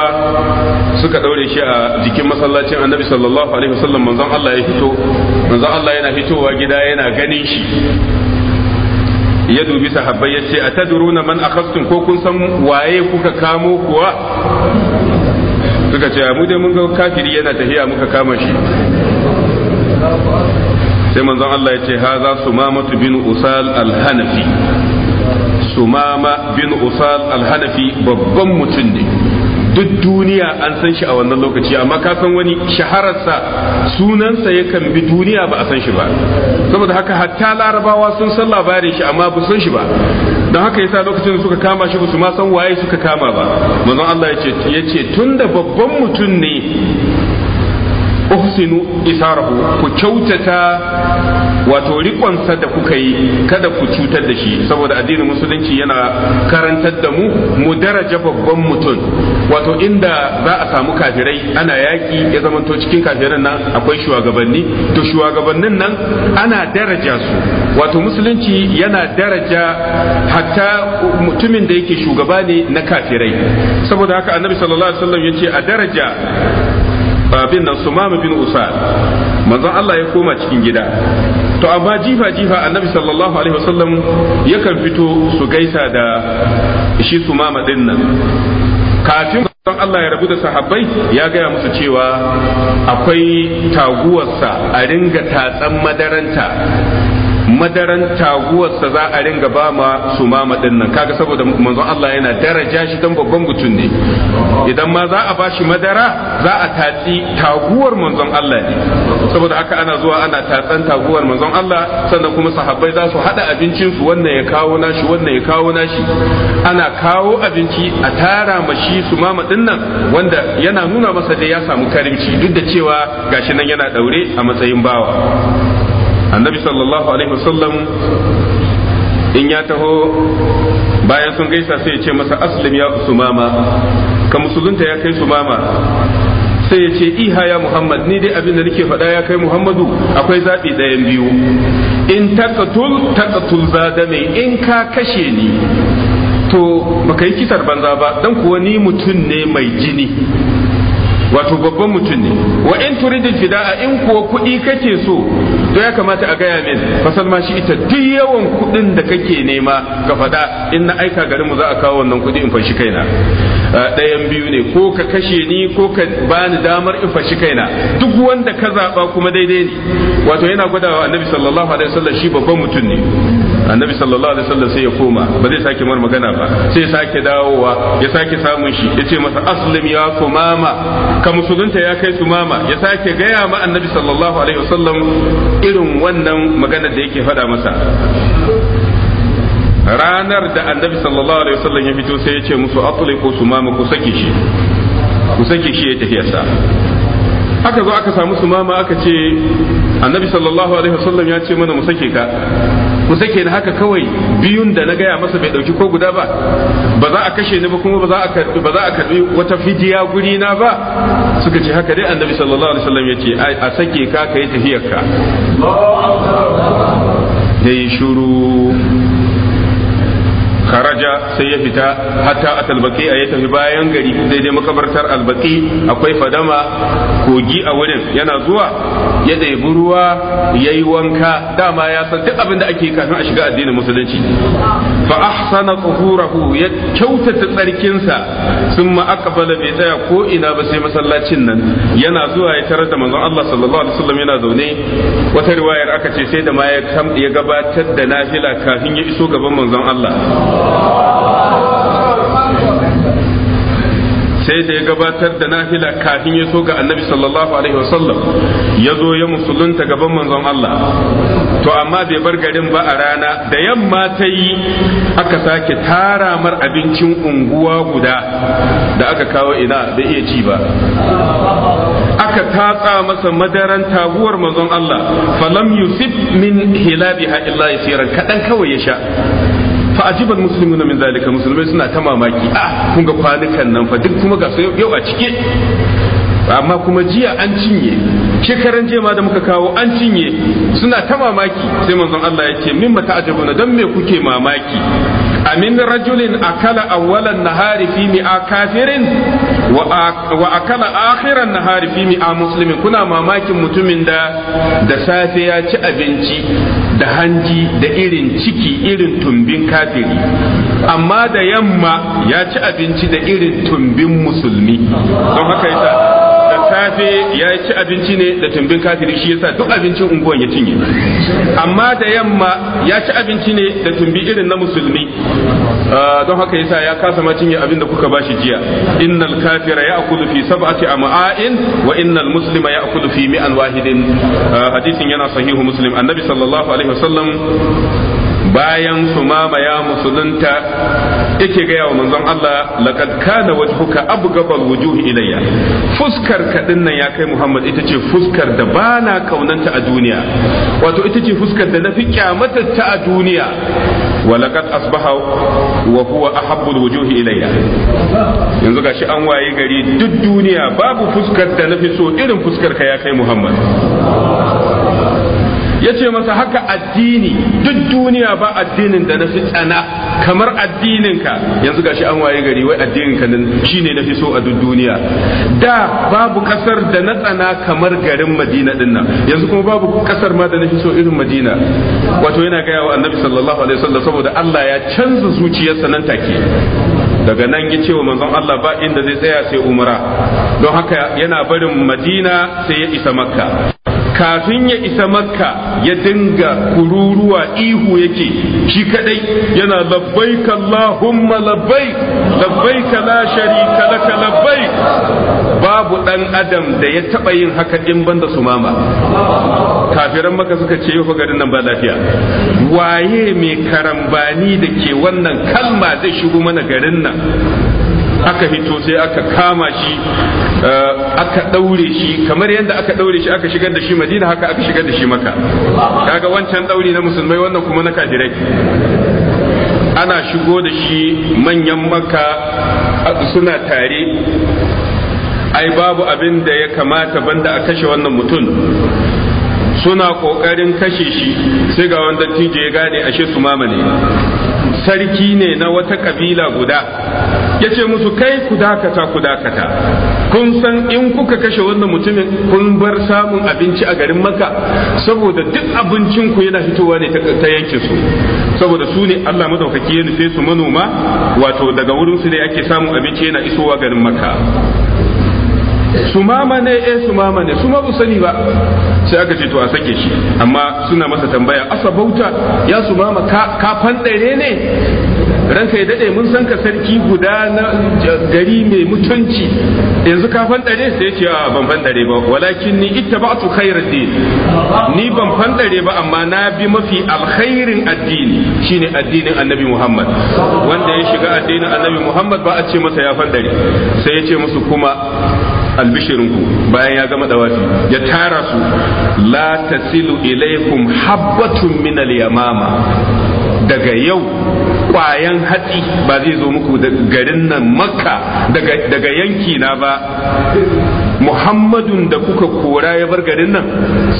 suka daure shi a jikin masallacin annabi sallallahu alaihi wasallam manzon Allah ya fito manzon Allah yana fitowa gida yana ganin shi ya dubi sahabbai ya ce a na man akhastum ko kun san waye kuka kamo kuwa suka ce mu dai mun ga kafiri yana tafiya muka kama shi sai manzon Allah ya ce ha za haza mamatu bin usal al-hanafi sumama bin usal al-hanafi babban mutum ne duk duniya an san shi a wannan lokaci amma ka san wani shahararsa sunansa yakan bi duniya ba a san shi ba saboda haka hatta larabawa sun san labarin shi amma ba san shi ba don haka yasa lokacin da suka kama shi ba su ma san waye suka kama ba manzon Allah ya ce tunda babban mutum ne tuhsinu isarahu ku kyautata wato rikonsa da kuka yi kada ku cutar da shi saboda addinin musulunci yana karantar da mu mu daraja babban mutum wato inda za a samu kafirai ana yaki ya zamanto cikin kafirai nan akwai shugabanni to shugabannin nan ana daraja su wato musulunci yana daraja hatta mutumin da yake shugaba ne na kafirai saboda haka annabi sallallahu alaihi wasallam yace a daraja bin nan sumama bin usad manzon Allah ya koma cikin gida to amma jifa jifa annabi sallallahu alaihi wasallam yakan fito su gaisa da shi sumama din nan kafin manzon Allah ya rabu da sahabbai ya gaya musu cewa akwai taguwarsa a ringa tatsan madaranta madaran taguwarsa za a ringa ba ma su mama din kaga saboda manzon Allah yana daraja shi dan babban mutum ne idan ma za a ba shi madara za a tatsi taguwar manzon Allah ne saboda haka ana zuwa ana tatsan taguwar manzon Allah sannan kuma sahabbai za su hada abincin su wannan ya kawo nashi wannan ya kawo nashi ana kawo abinci a tara mashi su mama din wanda yana nuna masa da ya samu karimci duk da cewa gashi nan yana daure a matsayin bawa annabi sallallahu alaihi wasallam in ya taho bayan sun gaisa sai ya ce masa aslim ya sumama ka musulunta ya kai sumama sai ya ce iha ya muhammad ni dai abin da nake faɗa ya kai muhammadu akwai zaɓi ɗayan biyu in takatul zada mai in ka kashe ni to baka yi kisar banza ba dan kuwa ni mutum ne mai jini wato babban mutum ne wa in turidin a in kuwa kuɗi kake so to ya kamata a gaya min fasal ma shi ita duk yawan kuɗin da kake nema ka faɗa in na aika garinmu za a kawo wannan kuɗi in fashi kaina ɗayan biyu ne ko ka kashe ni ko ka bani damar in fashi kaina duk wanda ka zaɓa kuma daidai ne wato yana gwadawa annabi sallallahu alaihi wasallam shi babban mutum ne annabi sallallahu alaihi wasallam sai ya koma ba zai sake mar magana ba sai ya sake dawowa ya sake samun shi ya ce masa aslim ya kumama ka musulunta ya kai su mama ya sake gaya ma annabi sallallahu alaihi wasallam irin wannan magana da yake faɗa masa ranar da annabi sallallahu alaihi wasallam ya fito sai ya ce musu su mama ku sake shi ku sake shi ya sa. aka zo aka samu Mama aka ce annabi sallallahu alaihi wasallam ya ce mana mu sake ka mu sake ni haka kawai biyun da na gaya masa bai dauki ko guda ba ba za a kashe ni ba kuma ba za a karbi ba za a karbi wata fidiya guri na ba suka ce haka dai annabi sallallahu alaihi wasallam ya ce a sake ka kai tafiyar ka dai shuru karaja sai ya fita hatta a talbaki a ya tafi bayan gari daidai makabartar albaki akwai fadama kogi a wurin yana zuwa ya ɗebi ruwa ya yi wanka dama ya san duk abin da ake kafin a shiga addinin musulunci fa ahsana tuhurahu ya kyautata tsarkinsa sun ma akabala bai tsaya ko ina ba sai masallacin nan yana zuwa ya tarar da manzon Allah sallallahu alaihi wasallam yana zaune wata riwayar aka ce sai da ma ya gabatar da nafila kafin ya iso gaban manzon Allah sai da ya gabatar da nafila kafin ya so ga annabi sallallahu alaihi wasallam ya zo ya musulunta gaban manzon Allah to amma bai bar garin ba a rana da yamma ta yi aka sake tara mar abincin unguwa guda da aka kawo ina bai iya ci ba aka tatsa masa madaran taguwar manzon Allah falam yusib min hilabiha illa yasiran kadan kawai ya sha fa ajibal muslimuna min zalika musulmai suna ta mamaki a ah, kun ga kwanukan nan fa duk kuma ga su yau a cike amma kuma jiya an cinye shekaran jiya ma da muka kawo an cinye suna ta mamaki sai manzon Allah ya ce min mata ajabuna dan me kuke mamaki amin rajulin akala awwalan nahari fi mi'a kafirin wa akala akhiran nahari fi mi'a muslimin kuna mamakin mutumin da da safe ya ci abinci da hanji da irin ciki irin tumbin kafiri amma da yamma ya ci abinci da irin tumbin musulmi don haka yasa safe ya ci abinci ne da tumbin kafiri shi yasa duk abincin unguwan ya cinye amma da yamma ya ci abinci ne da tumbi irin na musulmi ah, don haka yasa ya kasa ma cinye abin da kuka bashi jiya innal kafira ya'kulu fi sab'ati am'a'in wa innal muslima ya'kulu fi mi'an wahidin ah, hadisin yana sahihu muslim annabi sallallahu alaihi wasallam bayan su mamaya musulunta yake gaya wa manzon Allah laqad kana wajhuka abghadal wujuhi ilayya fuskar ka dinnan ya kai Muhammad ita ce fuskar da bana kaunanta a duniya wato ita ce fuskar da nafi kyamata ta a duniya ولقد أصبح وهو أحب الوجوه إلي yanzu gashi an waye gari duk duniya babu fuskar da nafi so irin fuskar ka ya kai Muhammad ya ce masa haka addini duk duniya ba addinin da na fi tsana kamar addininka yanzu gashi an waye gari wai addininka nan ne na fi so a duk duniya da babu kasar da na tsana kamar garin madina din nan yanzu kuma babu kasar ma da na fi so irin madina wato yana gaya wa annabi sallallahu alaihi wasallam saboda Allah ya canza zuciyarsa nan take daga nan ya ce wa manzon Allah ba inda zai tsaya sai umra don haka yana barin madina sai ya isa makka kafin ya isa makka ya dinga kururuwa ihu yake shi kadai yana labbai allahumma labbaik labbaik la sharika laka labbaik babu dan adam da ya taba yin haka ɗin banda su mama kafiran maka suka ce yau garin nan ba lafiya waye mai karambani da ke wannan kalma zai shigo mana garin nan aka hito sai aka kama shi eh, aka daure shi kamar yadda aka daure shi aka shigar da shi madina haka aka shigar da shi maka kaga wancan dauri na musulmai wannan kuma na kafirai ana shigo da shi manyan maka suna tare ai babu abin da ya kamata banda a kashe wannan mutum suna ƙoƙarin kashe shi sai ga wanda tije ya gane ashe su mamane. sarki ne na wata kabila guda yace musu kai ku dakata ku dakata kun san in kuka kashe wannan mutumin kun bar samun abinci a garin maka saboda duk abincin ku yana fitowa ne ta yankin su saboda su ne Allah madaukaki ya nufe su manoma wato daga wurin su ne ake samun abinci yana isowa garin maka sumama ne eh sumama ne su ma bu sani ba sai aka ce to a sake shi amma suna masa tambaya asabauta ya sumama ka ka fandare ne ranka ya dade mun san ka sarki guda na gari mai mutunci yanzu ka fandare sai ce a ban fandare ba walakin ni ittaba'tu khairal din ni ban fandare ba amma na bi mafi alkhairin addini shine addinin annabi Muhammad wanda ya shiga addinin annabi Muhammad ba a ce masa ya fandare sai ya ce musu kuma albishirinku bayan ya gama dawafi ya tara su la tasilu ilaikum habbatun min al-yamama daga yau kwayan hatsi ba zai zo muku garin nan makka daga yanki na ba muhammadun da kuka kora ya bar garin nan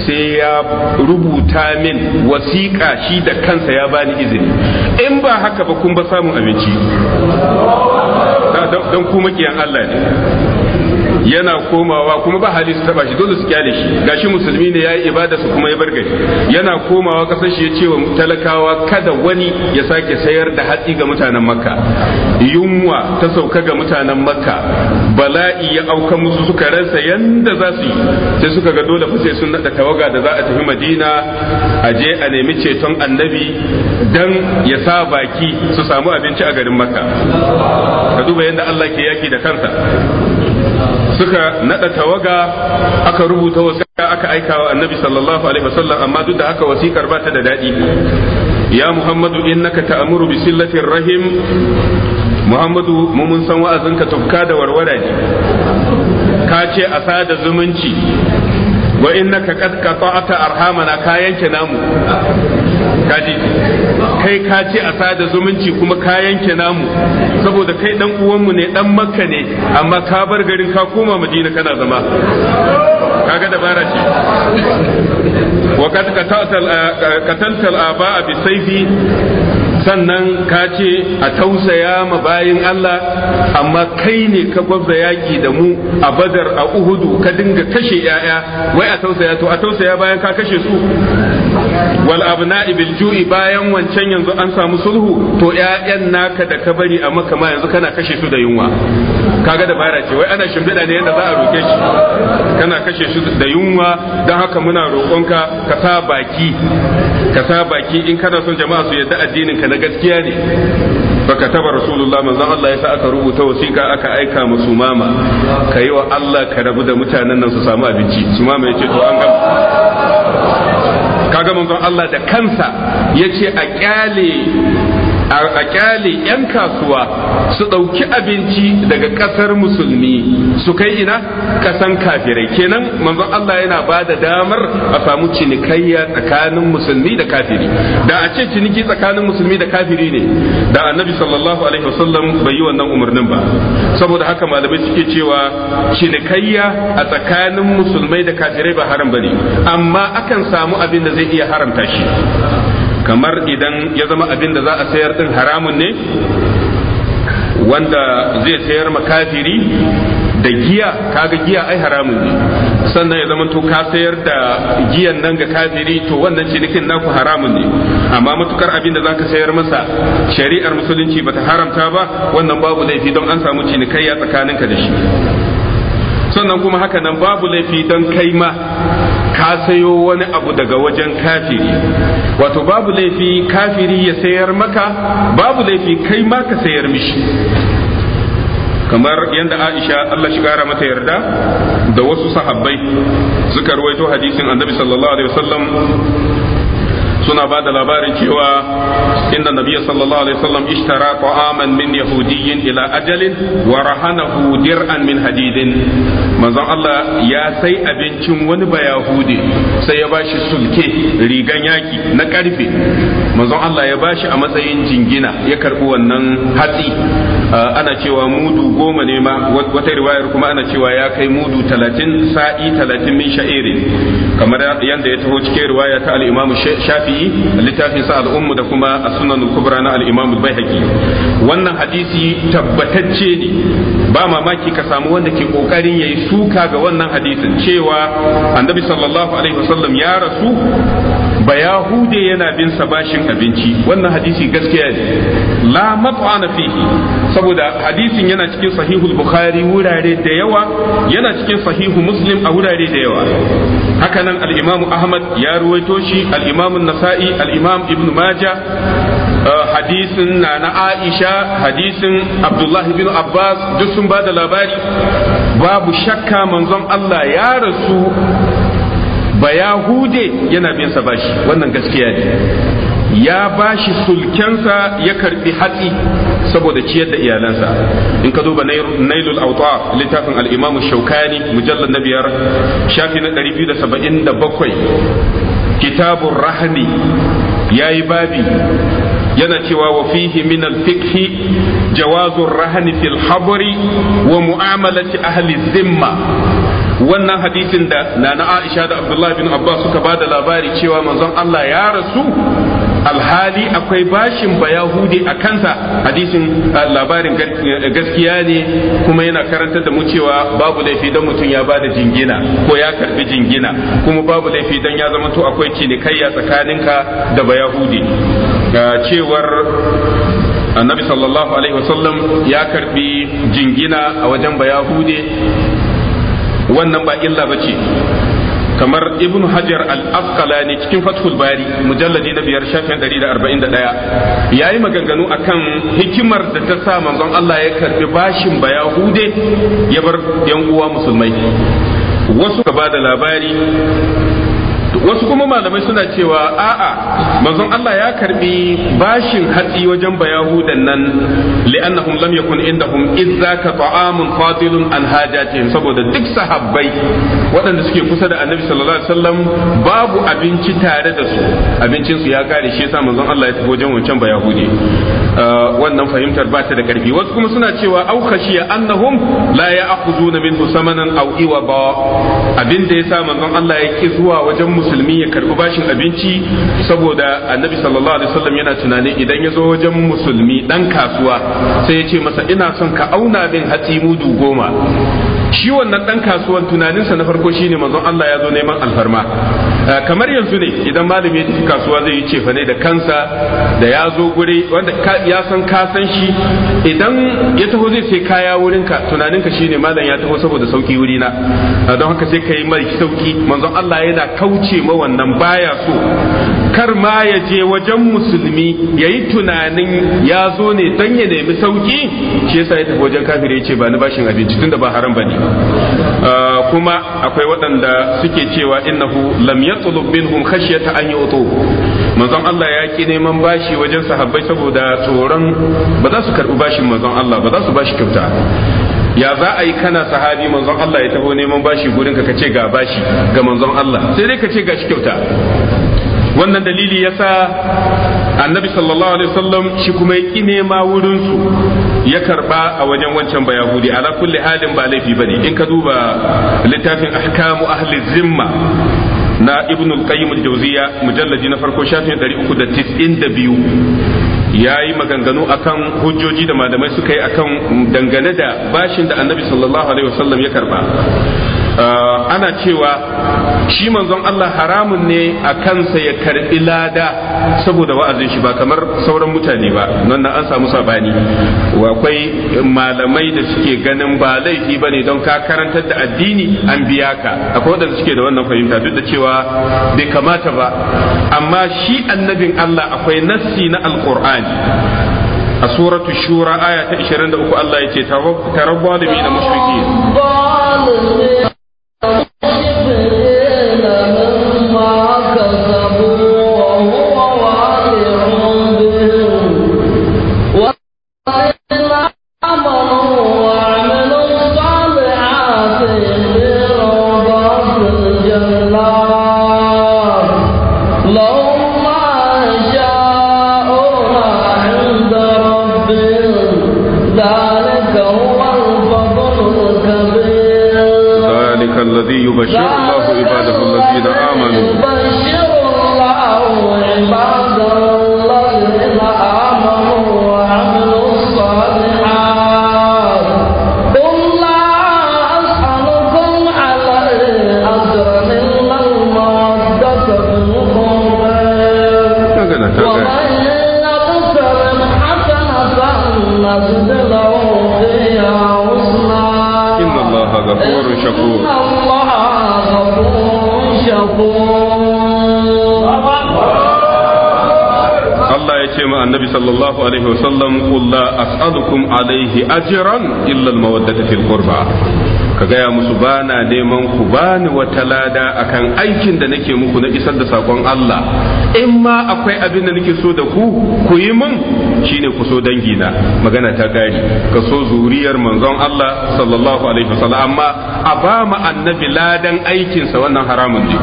sai ya rubuta min wasiƙa shi da kansa ya bani izini in ba haka ba kun ba samun abinci don kuma kiyan Allah ne yana komawa kuma ba hali su taba shi dole su kyale shi gashi musulmi ne yayi ibada su kuma ya bar gari yana komawa kasar shi ya ce wa talakawa kada wani ya sake sayar da hatsi ga mutanen makka yunwa ta sauka ga mutanen makka bala'i ya auka musu suka rasa yanda za su yi sai suka ga dole fa sai sun nada tawaga da za a tafi madina a je a nemi ceton annabi dan ya sa baki su samu abinci a garin makka ka duba yadda Allah ke yaki da kansa suka nada tawaga aka rubuta wasiƙa aka aika wa annabi sallallahu alaihi wasallam amma duk da haka wasiƙar ba ta da daɗi ya muhammadu innaka ta'muru bi sillatir rahim muhammadu mu mun san wa'azinka tufka da warwara ne ka ce a sada zumunci wa innaka qad qata'ta arhamana ka yanke namu kaji kai ka ci a sada zumunci kuma ka yanke namu saboda kai dan uwanmu ne dan makka ne amma ka bar garin ka koma madina kana zama kaga dabara ce wa qad qata'ta qatalta abaa bi sayfi sannan ka ce a tausaya ma bayin Allah amma kai ne ka gwabza yaki da mu a badar a uhudu ka dinga kashe yaya wai a tausaya to a tausaya bayan ka kashe su wal abna'i bil ju'i bayan wancan yanzu an samu sulhu to yayan naka da ka bari a maka yanzu kana kashe su da yunwa kaga da bara ce wai ana shimfiɗa ne yadda za a roke shi kana kashe shi da yunwa don haka muna roƙonka ka sa baki ka sa baki in kana son jama'a su yadda addinin ka na gaskiya ne baka taba rasulullah manzon Allah ya sa aka rubuta wasiƙa aka aika mu sumama ka yi wa Allah ka rabu da mutanen nan su samu abinci sumama yace to an gama kaga manzon Allah da kansa yace a kyale a kyale 'yan kasuwa su ɗauki abinci daga ƙasar musulmi su kai ina ƙasan kafirai kenan manzon Allah yana ba da damar a samu cinikayya tsakanin musulmi da kafiri da a ce ciniki tsakanin musulmi da kafiri ne da annabi sallallahu alaihi wasallam bai yi wannan umarnin ba saboda haka malamai suke cewa cinikayya a tsakanin musulmai da kafirai ba haram bane amma akan samu abin da zai iya haramta shi kamar idan ya zama abin da za a sayar din haramun ne wanda zai sayar ma makafiri da giya kaga giya ai haramun ne sannan ya zama to ka sayar da giyan nan ga kafiri to wannan cinikin naku haramun ne amma matukar abin da zaka sayar masa shari'ar musulunci bata haramta ba wannan babu laifi don an samu cinikayya tsakaninka da shi sannan kuma haka nan babu laifi don kai ma ka sayo wani abu daga wajen kafiri wato babu laifi kafiri ya sayar maka babu laifi kai ma ka sayar mishi kamar yadda Aisha Allah shi kara mata yarda da wasu sahabbai suka ruwaito hadisin Annabi sallallahu alaihi wasallam suna ba da labarin cewa inda nabiya sallallahu alaihi wasallam ishtara ta'aman min yahudiyyin ila ajalin wa rahanahu dir'an min hadidin manzon Allah ya sai abincin wani bayahudi sai ya bashi sulke rigan yaki na karfe manzon Allah ya bashi a matsayin jingina ya karbi wannan hatsi Ah, ana cewa mudu goma ne ma wata riwayar kuma ana cewa ya kai mudu talatin sa'i talatin min sha'irin kamar yadda ya taho cikin riwaya ta al'imamu shafi'i littafin sa al'ummu da kuma a sunan kubra na al'imamu bai wannan hadisi tabbatacce ne ba mamaki ka samu wanda ke kokarin yayi suka ga wannan hadisin cewa annabi sallallahu alaihi wasallam ya rasu ba yahude yana bin sa bashin abinci wannan hadisi gaskiya ne la mat'ana fihi saboda hadisin yana cikin sahihul bukhari wurare da yawa yana cikin sahihu muslim a wurare da yawa hakanan al-imamu ahmad ya ruwaito shi al-imamu nasa'i al-imam ibnu majah uh, hadisin na na aisha hadisin abdullahi bin abbas duk sun ba da labari babu shakka manzon allah ya rasu ba yahude yana bin sa bashi wannan gaskiya ne ya bashi sulkensa ya karbi hatsi saboda ciyar da iyalansa in ka duba nailul auta littafin al'imamu shaukani mujallar na biyar shafi na 277 kitabur rahmi yayi babi yana cewa wa fihi min al-fiqh jawazur rahni fil habri wa mu'amalati ahli zimma wannan hadisin da nana Aisha da Abdullah bin Abbas suka ba da labari cewa manzon Allah ya rasu alhali akwai bashin bayahudi a kansa hadisin ah, labarin gaskiya ne kuma yana karantar da mu cewa babu laifi don mutum ya bada jingina ko ya karbi jingina kuma babu laifi don ya zama to akwai cinikayya tsakaninka da yahudi ah, cewar annabi sallallahu alaihi wasallam ya karbi jingina a wajen bayahude wannan ba illa ba ce kamar ibn hajar al ne cikin fathul bari mujalladi na biyar shafin 141 yayi maganganu akan hikimar da ta sa manzon Allah ya karbi bashin bayahude ya bar yan uwa musulmai wasu ka bada labari wasu kuma malamai suna cewa a'a manzon Allah ya karbi bashin hatsi wajen bayahudan nan li'annahum lam yakun indahum idza ka ta'amun fadilun an hajatihim saboda duk sahabbai waɗanda suke kusa da annabi sallallahu alaihi wasallam babu abinci tare da su abincin su ya kare shi yasa manzon Allah ya tafi wajen wancan bayahudi Eh, wannan fahimtar ba ta da karfi wasu kuma suna cewa au khashiya annahum la ya'khuzuna minhu samanan aw ba abin da yasa manzon Allah ya ki zuwa wajen musulmi ya karbi bashin abinci saboda annabi sallallahu alaihi wasallam yana tunani idan ya zo wajen musulmi dan kasuwa sai ya ce masa ina son ka auna min hatimu mudu goma shi wannan dan kasuwan tunaninsa na farko shine manzon Allah ya zo neman alfarma ah, kamar yanzu ne idan malami kasuwa zai yi cefa ne da kansa da ya zo guri wanda ya san ka san shi idan ya taho zai sai kaya wurin ka tunaninka shine malam ya taho saboda sauki wuri na ah, don haka sai kai mai sauki manzon Allah yana kauce ma wannan baya so kar ma ya je wajen musulmi ya yi tunanin ya zo ne don ya nemi sauki shi yasa ya tafi wajen kafir ya ce ba ni bashin abinci tun da ba haram ba ne ah, kuma akwai waɗanda suke cewa innahu lam yatlub minhum ta an yi oto manzon Allah ya ki neman bashi wajen sahabbai saboda tsoron ba za su karɓi bashin manzon Allah ba za su bashi kyauta ya za a yi kana sahabi manzon Allah ya taho neman bashi gurin ka ce ga bashi ga manzon Allah sai dai ka ce gashi kyauta wannan dalili yasa annabi sallallahu alaihi wasallam shi kuma ya ƙi nema wurin su ya karba a wajen wancan ba yahudi ala kulli halin ba laifi bane in ka duba littafin ahkamu ahli zimma na ibn al-qayyim al-jawziya mujalladi na farko shafin 392 yayi maganganu akan hujjoji da malamai suka yi akan dangane da bashin da annabi sallallahu alaihi wasallam ya karba ana cewa shi manzon Allah haramun ne a kansa ya karbi lada saboda wa'azin shi ba kamar sauran mutane ba nan na an samu sabani akwai malamai da suke ganin ba laifi ba ne don ka karantar da addini an biya ka akwai waɗanda suke da wannan fahimta duk da cewa bai kamata ba amma shi annabin Allah akwai nassi na alkur'ani a suratu shura aya ta 23 Allah ya ce tarabbalimi na mushriki Oh, alaihi ajran illa almawaddata fil ka gaya musu bana neman ku bani wata lada akan aikin da nake muku na isar da sakon Allah in ma akwai abin da nake so da ku ku yi min shine ku so dangi na magana ta gari ka so zuriyar manzon Allah sallallahu alaihi wasallam amma a ba mu annabi ladan aikinsa wannan haramun ne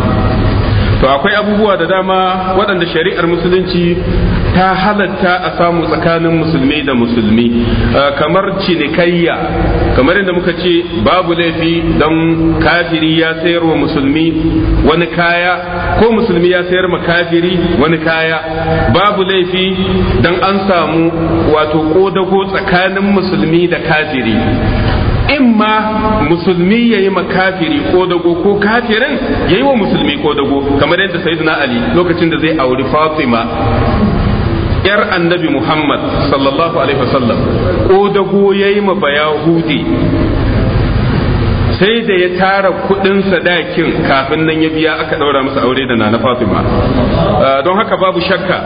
to akwai abubuwa da dama waɗanda shari'ar musulunci ta halatta a samu tsakanin musulmi da musulmi uh, kamar cinikayya kamar yadda muka ce babu laifi don kafiri ya sayar wa musulmi wani kaya ko musulmi ya sayar ma kafiri wani kaya babu laifi don an samu wato ko tsakanin musulmi da kafiri imma musulmi yayi yi makafiri ko dago ko kafirin ya yi wa musulmi ko dago kamar yadda sayyidina ali lokacin da zai auri fatima yar annabi muhammad sallallahu alaihi wasallam ko dago ya yi ma bayahudi sai da ya tara kudin sadakin kafin nan ya biya aka daura masa aure da nana fatima ah, don haka babu shakka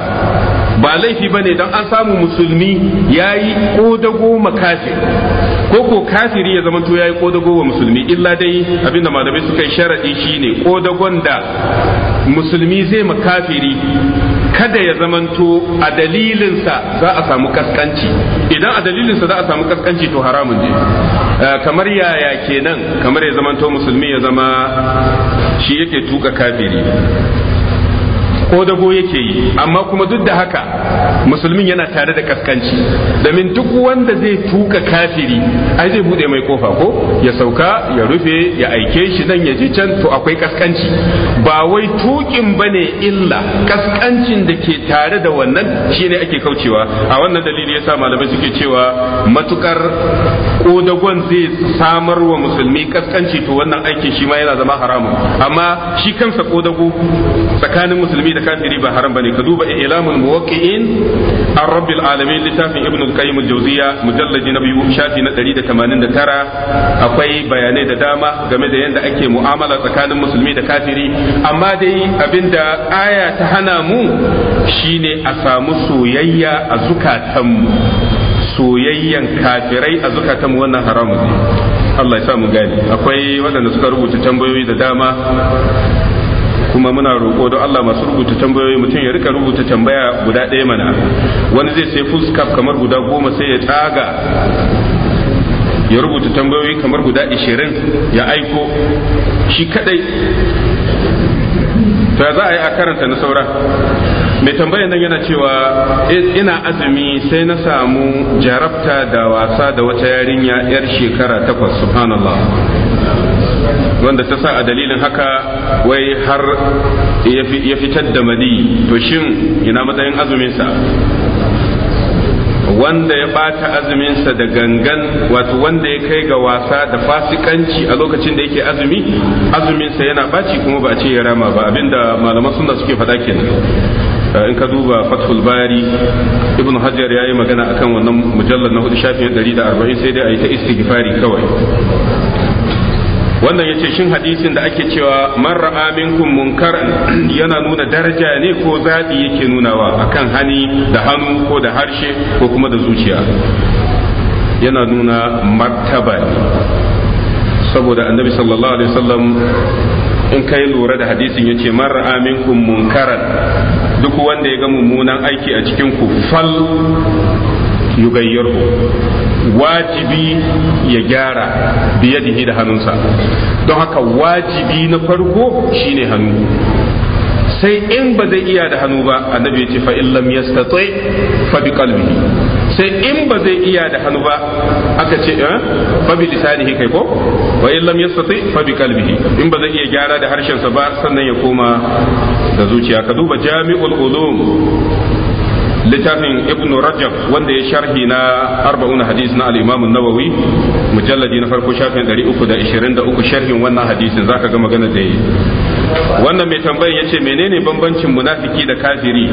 ba laifi ba ne don an samu musulmi ya yi ƙodago ko ko kafiri ya zamanto yi kodago wa musulmi illa dai abinda malamai suka yi sharadi shine kodagon da musulmi zai ma kafiri kada ya zamanto a dalilinsa za a samu kaskanci idan a dalilinsa za a samu kaskanci to haramun ne eh, kamar yaya kenan kamar ya zamanto musulmi ya zama shi yake tuka kafiri ko dago yake yi amma kuma duk da haka musulmin yana tare da kaskanci domin duk wanda zai tuka kafiri ai zai bude mai kofa ko ya sauka ya rufe ya aike shi dan ya ji can to akwai kaskanci ba wai tukin bane illa kaskancin da ke tare da wannan shine ake kaucewa a wannan dalili yasa malamai suke cewa matukar kodagon zai samar wa musulmi kaskanci to wannan aikin shi ma yana zama haramun amma shi kansa kodago tsakanin musulmi da kafiri ba haram bane ka duba ilamul muwaqqi'in ar rabbil alamin littafin ibn al-qayyim al-jawziya mujalladi na biyu shafi na 189 akwai bayanai da dama game da yadda ake mu'amala tsakanin musulmi da kafiri amma dai abinda aya ta hana mu shine a samu soyayya a zukatanmu soyayyan kafirai a zukatan wannan haramun ne Allah ya sa mu gani akwai waɗanda suka rubuta tambayoyi da dama kuma muna roƙo don Allah masu rubuta tambayoyi mutum ya rika rubuta tambaya guda ɗaya mana wani zai sai fuskaf kamar guda goma sai ya tsaga ya rubuta tambayoyi kamar guda ishirin ya aiko shi kadai ta za a yi a karanta na saura mai tambayan nan yana cewa eh, ina azumi sai na samu jarabta da wasa da wata yarinya yar shekara takwas subhanallah wanda ta sa a dalilin haka wai har ya fitar da madi to shin ina matsayin azuminsa wanda ya bata azuminsa da gangan wato wanda ya kai ga wasa da fasikanci a lokacin da yake azumi azuminsa yana baci kuma ba a ce ya rama ba abinda malaman suna suke faɗa kenan Eh, in ka duba fathul bari ibn hajar ya yi magana akan wannan mujallar na hudu shafi 140 sai dai a yi ta istighfari kawai wannan ya ce shin hadisin da ake cewa man ra'a minkum munkaran <clears throat> yana nuna daraja ne ko zaɓi yake nunawa akan hani da hannu ko da harshe ko kuma da zuciya yana nuna martaba saboda annabi sallallahu alaihi wasallam in kai lura da hadisin yace man ra'a minkum munkaran duk wanda ya ga mummunan aiki a cikin ku fal yugayyarhu wajibi ya gyara biyadihi da hannunsa don haka wajibi na farko shine hannu sai in ba zai iya da hannu ba annabi ya ce fa illam yastati fa bi qalbihi sai in ba zai iya da hannu ba aka ce eh, fa bi lisanihi kai ko wa lam yastati fa bi qalbihi in ba zai iya gyara da harshen sa ba sannan ya koma da zuciya ka duba jami'ul ulum littafin ibnu rajab wanda ya sharhi na arba'una hadis na al-imam nawawi mujalladi na farko shafin 323 sharhin wannan hadisin zaka ga magana da yi wannan mai tambayar yace menene bambancin munafiki da kafiri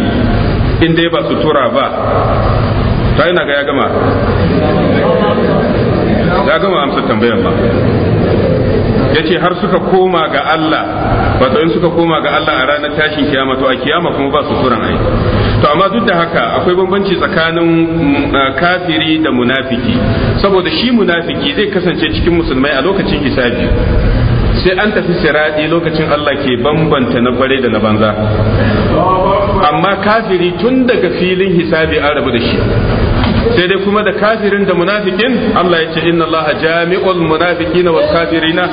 in dai ba sutura ba ta ina ga ya gama ya gama amsa tambayar ba ya ce har suka koma ga Allah wato in suka koma ga Allah a ranar tashin kiyama to a kiyama kuma ba su turan ai to amma duk da haka akwai bambanci tsakanin mm, kafiri da munafiki saboda shi munafiki zai kasance cikin musulmai a lokacin hisabi sai an tafi siradi lokacin Allah ke bambanta na kware da na banza amma kafiri tun daga filin hisabi an rabu da shi sai dai kuma da kafirin da munafikin Allah ya ce inna Allah jami'ul munafiqina wal kafirina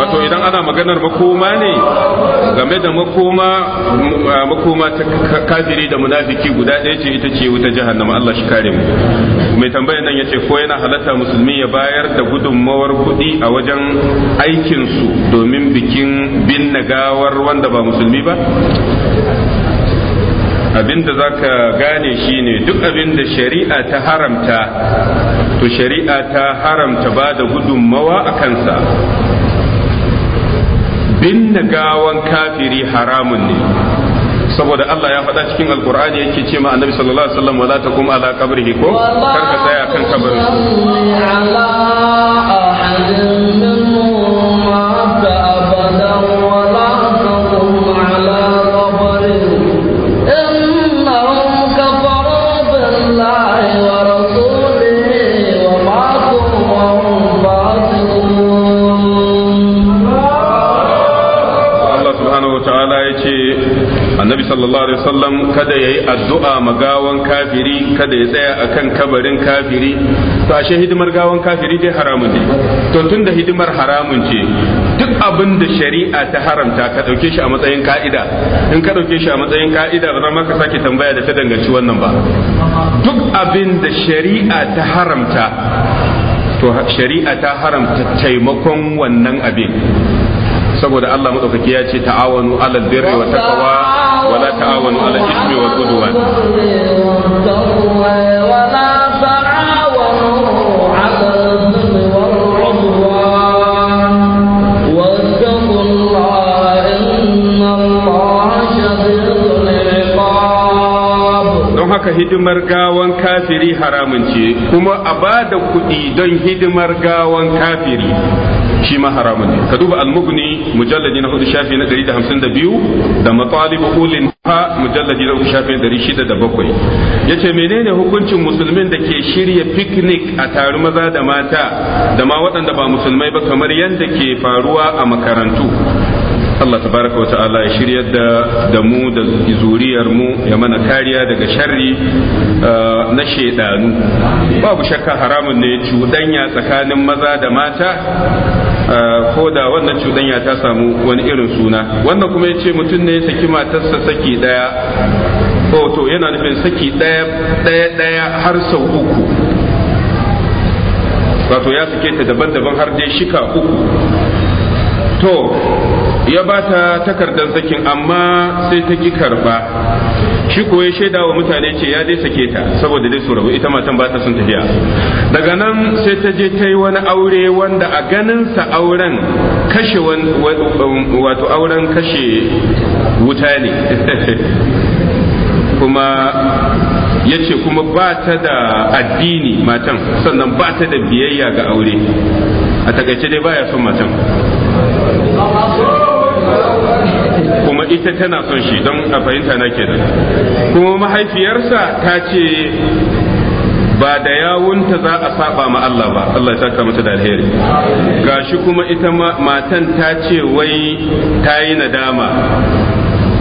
wato idan ana maganar makoma ne game da makoma ta kafiri da munafiki guda ɗaya ce ita ce wuta jahannama Allah shi kare mu mai tambayar nan yace ko yana halatta musulmi ya bayar da gudunmawar kuɗi a wajen aikin su domin bikin bin nagawar wanda ba musulmi ba abin da zaka gane shine duk abin da shari'a ta haramta to shari'a ta haramta ba da gudunmawa a kansa binne gawan kafiri haramun ne saboda Allah ya faɗa cikin alkur'ani yake ce ma annabi sallallahu alaihi wasallam wala takum ala qabrihi ko kar ka tsaya kan kabarin sallallahu alaihi wasallam kada yayi addu'a magawan kafiri kada ya tsaya akan kabarin kafiri to ashe hidimar gawan kafiri dai haramun ne to tunda hidimar haramun ce duk abin da shari'a ta haramta ka dauke shi a matsayin ka'ida in ka dauke shi a matsayin ka'ida ba za ka sake tambaya da ta danganci wannan ba duk abin da shari'a ta haramta to shari'a ta haramta taimakon wannan abin saboda Allah madaukaki ya ce ta'awanu alal birri wa taqwa wa la ta'awanu alal ismi wal udwan haka hidimar gawan kafiri haramun ce kuma a ba da kuɗi don hidimar gawan kafiri shi ma haramun ne ka duba al-mughni mujalladi na hudu shafi na 152 da matalib ulin ha mujalladi na hudu shafi na 607 yace menene hukuncin musulmin da ke shirya picnic a taru maza da mata da ma waɗanda ba musulmai ba kamar yadda ke faruwa a makarantu Allah tabaraka wa ta'ala ya shiryar da da mu da zuriyar mu ya mana kariya daga sharri uh, na shedanu babu shakka haramun ne cuɗanya tsakanin maza da mata ko da wannan cuɗanya ta samu wani irin suna wannan kuma ya ce mutum ne saki matarsa saki ɗaya to yana nufin saki ɗaya ɗaya har sau uku wato ya sake ta daban-daban har dai shika uku to ya ba ta takardar sakin amma sai ta ki karba shi kuwa ya shaida wa mutane ce ya dai sake ta saboda dai su rabu ita matan ba ta son tafiya daga nan sai ta je ta yi wani aure wanda a ganin sa auren kashe um, wato auren kashe wuta ne <laughs> kuma ya ce kuma ba ta da addini matan sannan ba ta da biyayya ga aure a takaice dai ba ya son matan kuma ita tana son shi don a fahimta na kenan kuma mahaifiyarsa ta ce ba da yawunta za a saba ma Allah ba Allah ya saka mata da alheri gashi kuma ita matan ta ce wai ta yi nadama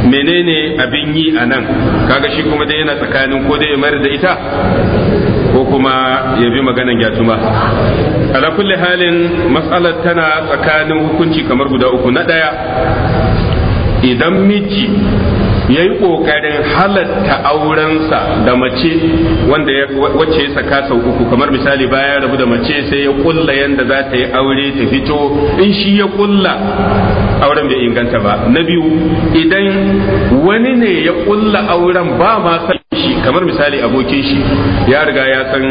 menene abin yi a nan kaga shi kuma dai yana tsakanin ko dai ya mayar da ita ko kuma ya bi maganan gyatuma ala kulli halin matsalar tana tsakanin hukunci kamar guda uku na ɗaya idan miji ya yi halarta halatta aurensa da mace wanda wacce ya saka sau uku kamar misali bayan rabu da mace sai ya ƙulla yadda za ta yi aure ta fito in shi ya ƙulla auren bai inganta ba na biyu idan wani ne ya kulla auren ba ma shi kamar misali abokin shi ya riga ya san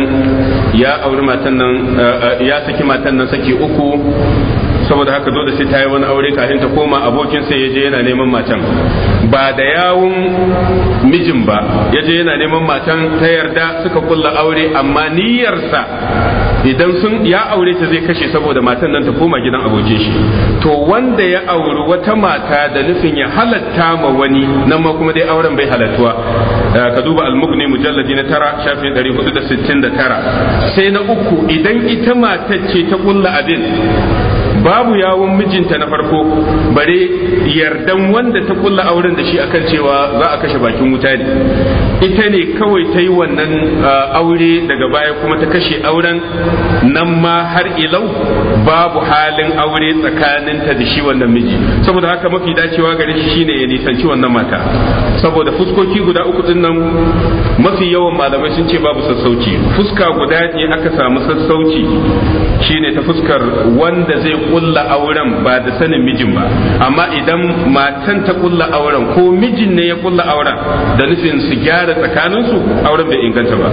ya auri matan nan eh, eh, ya saki matan nan saki uku saboda haka dole sai ta yi wani aure kafin ta koma abokin sai yaje yana neman matan ba da yawun mijin ba yaje yana neman matan ta yarda suka kulla aure amma niyyarsa idan sun ya aure ta zai kashe saboda matan nan ta koma gidan abokin shi to wanda ya auri wata mata da nufin ya halatta ma wani nan ma kuma dai auren bai halattuwa eh, ka duba almugni mujalladi na tara shafin 469 sai na uku idan ita matar ce ta kulla abin babu yawon mijinta na farko bare yardan wanda ta kulla auren da shi akan cewa za a kashe bakin wuta ne ita ne kawai ta yi wannan aure daga baya kuma ta kashe auren nan ma har ilau babu halin aure tsakaninta da shi wannan miji saboda haka mafi dacewa gare shi shine ya nisanci wannan mata saboda fuskoki guda uku din nan mafi yawan malamai sun ce babu sassauci fuska guda ne aka samu sassauci shine ta fuskar wanda zai kulla auren ba da sanin mijin ba amma idan matan ta kulla auren ko mijin ne ya kulla auren da nufin su gyara tsakaninsu auren bai inganta ba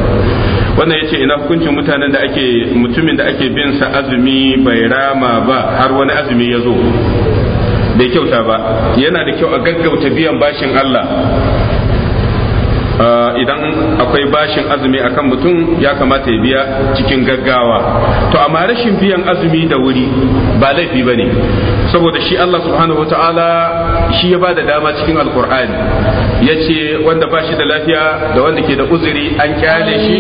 wannan yace ina hukuncin mutanen da ake mutumin da ake bin sa azumi bai rama ba har wani azumi ya zo bai kyauta ba yana da kyau a gaggauta biyan bashin Allah Eh, idan akwai bashin azumi akan mutum ya kamata ya biya cikin gaggawa to amma rashin biyan azumi da wuri ba laifi ba ne saboda shi Allah subhanahu wa ta'ala shi ya ba da dama cikin alkur'ani ya ce wanda ba shi da lafiya da wanda ke da uzuri an kyale shi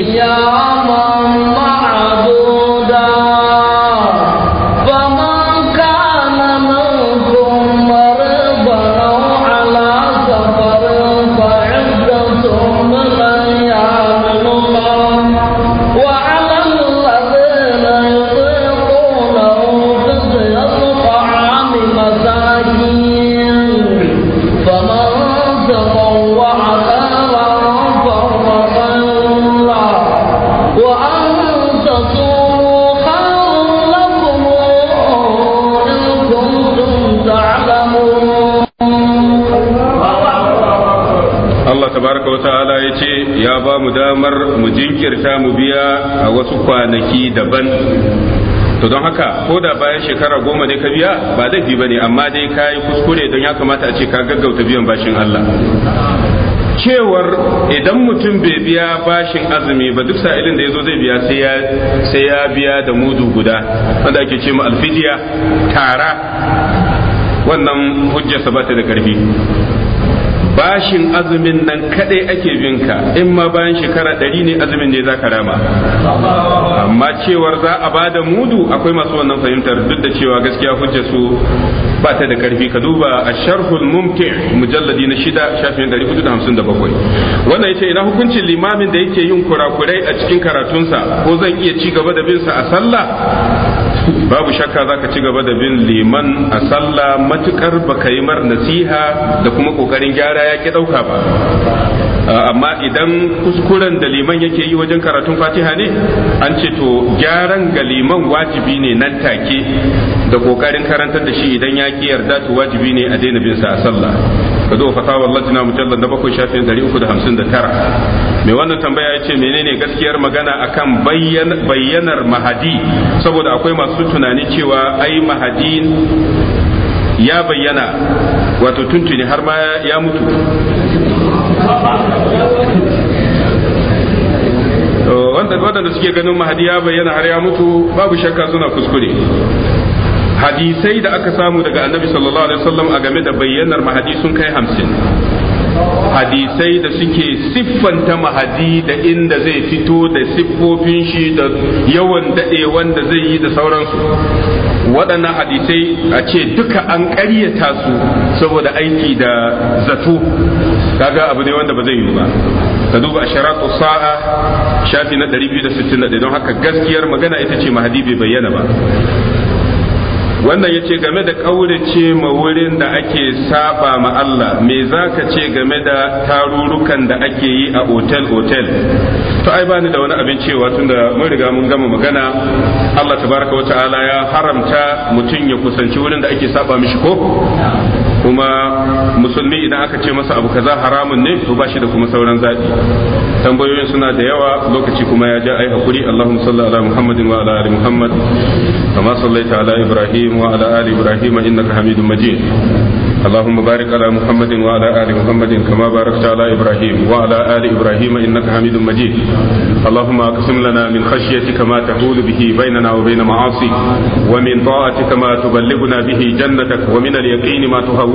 ya ba mu damar mu jinkirta mu biya a wasu kwanaki daban to don haka ko da bayan shekara goma ne ka biya ba zai bi ba ne amma dai ka yi kuskure don ya kamata a ce ka gaggauta biyan bashin Allah cewar idan mutum bai biya bashin azumi ba duk sa'ilin da ya zo zai biya sai ya biya da mudu guda wanda ake ce ma alfidiya tara wannan hujjarsa ba ta da karfi bashin azumin nan kadai ake binka in ma bayan shekara ɗari ne azumin ne za ka rama amma cewar za a bada mudu akwai masu wannan fahimtar duk da cewa gaskiya hujja su ba ta da karfi ka duba a sharhul mumkin mujalladi na shida shafin 457 wannan yace ina hukuncin limamin da yake yin kurakurai a cikin karatunsa ko zan iya ci gaba da bin sa a sallah babu shakka zaka ci gaba da bin liman a sallah matukar baka yi mar nasiha da kuma kokarin gyara ya ke dauka ba ah, amma idan kuskuren da liman yake yi wajen karatun fatiha ne an ce to gyaran ga liman wajibi ne nan take da kokarin karantar da shi idan ya ki yarda to wajibi ne a daina bin sa a sallah ka zo fatawa lajina mujallar da bakwai shafin uku da hamsin tara mai wannan tambaya ya ce menene gaskiyar magana akan bayyanar mahadi saboda akwai masu tunani cewa ai mahadi ya bayyana wato tuntuni har ma ya mutu wanda suke ganin mahadi ya bayyana har ya mutu babu shakka suna kuskure hadisai da aka samu daga annabi sallallahu alaihi wasallam a game da bayyanar mahadi sun kai hamsin hadisai da suke siffanta mahadi da inda zai fito da siffofin shi da yawan daɗe wanda zai yi da sauransu waɗannan hadisai a ce duka an ƙaryata su saboda aiki da zato kaga abu ne wanda ba zai yi ba ka duba a sa'a shafi na 261 don haka gaskiyar magana ita ce mahadi bai bayyana ba wannan ya ce game da ƙaurace ma wurin da ake saba ma Allah me za ka ce game da tarurrukan da ake yi a otel-otel to ai bani da wani abin cewa da mun riga mun gama magana Allah tabaraka wa ta'ala ya haramta mutum ya kusanci wurin da ake saba mishi ko kuma musulmi idan aka ce masa abu kaza haramun ne to ba shi da kuma sauran zaɓi tambayoyin suna da yawa lokaci kuma ya ja ai hakuri Allahumma salli ala Muhammadin wa ala ali Muhammad kama sallaita ala Ibrahim wa ala ali Ibrahim innaka Hamidum Majid اللهم بارك على محمد وعلى آل محمد كما باركت على إبراهيم وعلى آل إبراهيم إنك حميد مجيد اللهم أقسم لنا من خشيتك ما تحول به بيننا وبين معاصيك ومن طاعتك ما تبلغنا به جنتك ومن اليقين ما تهون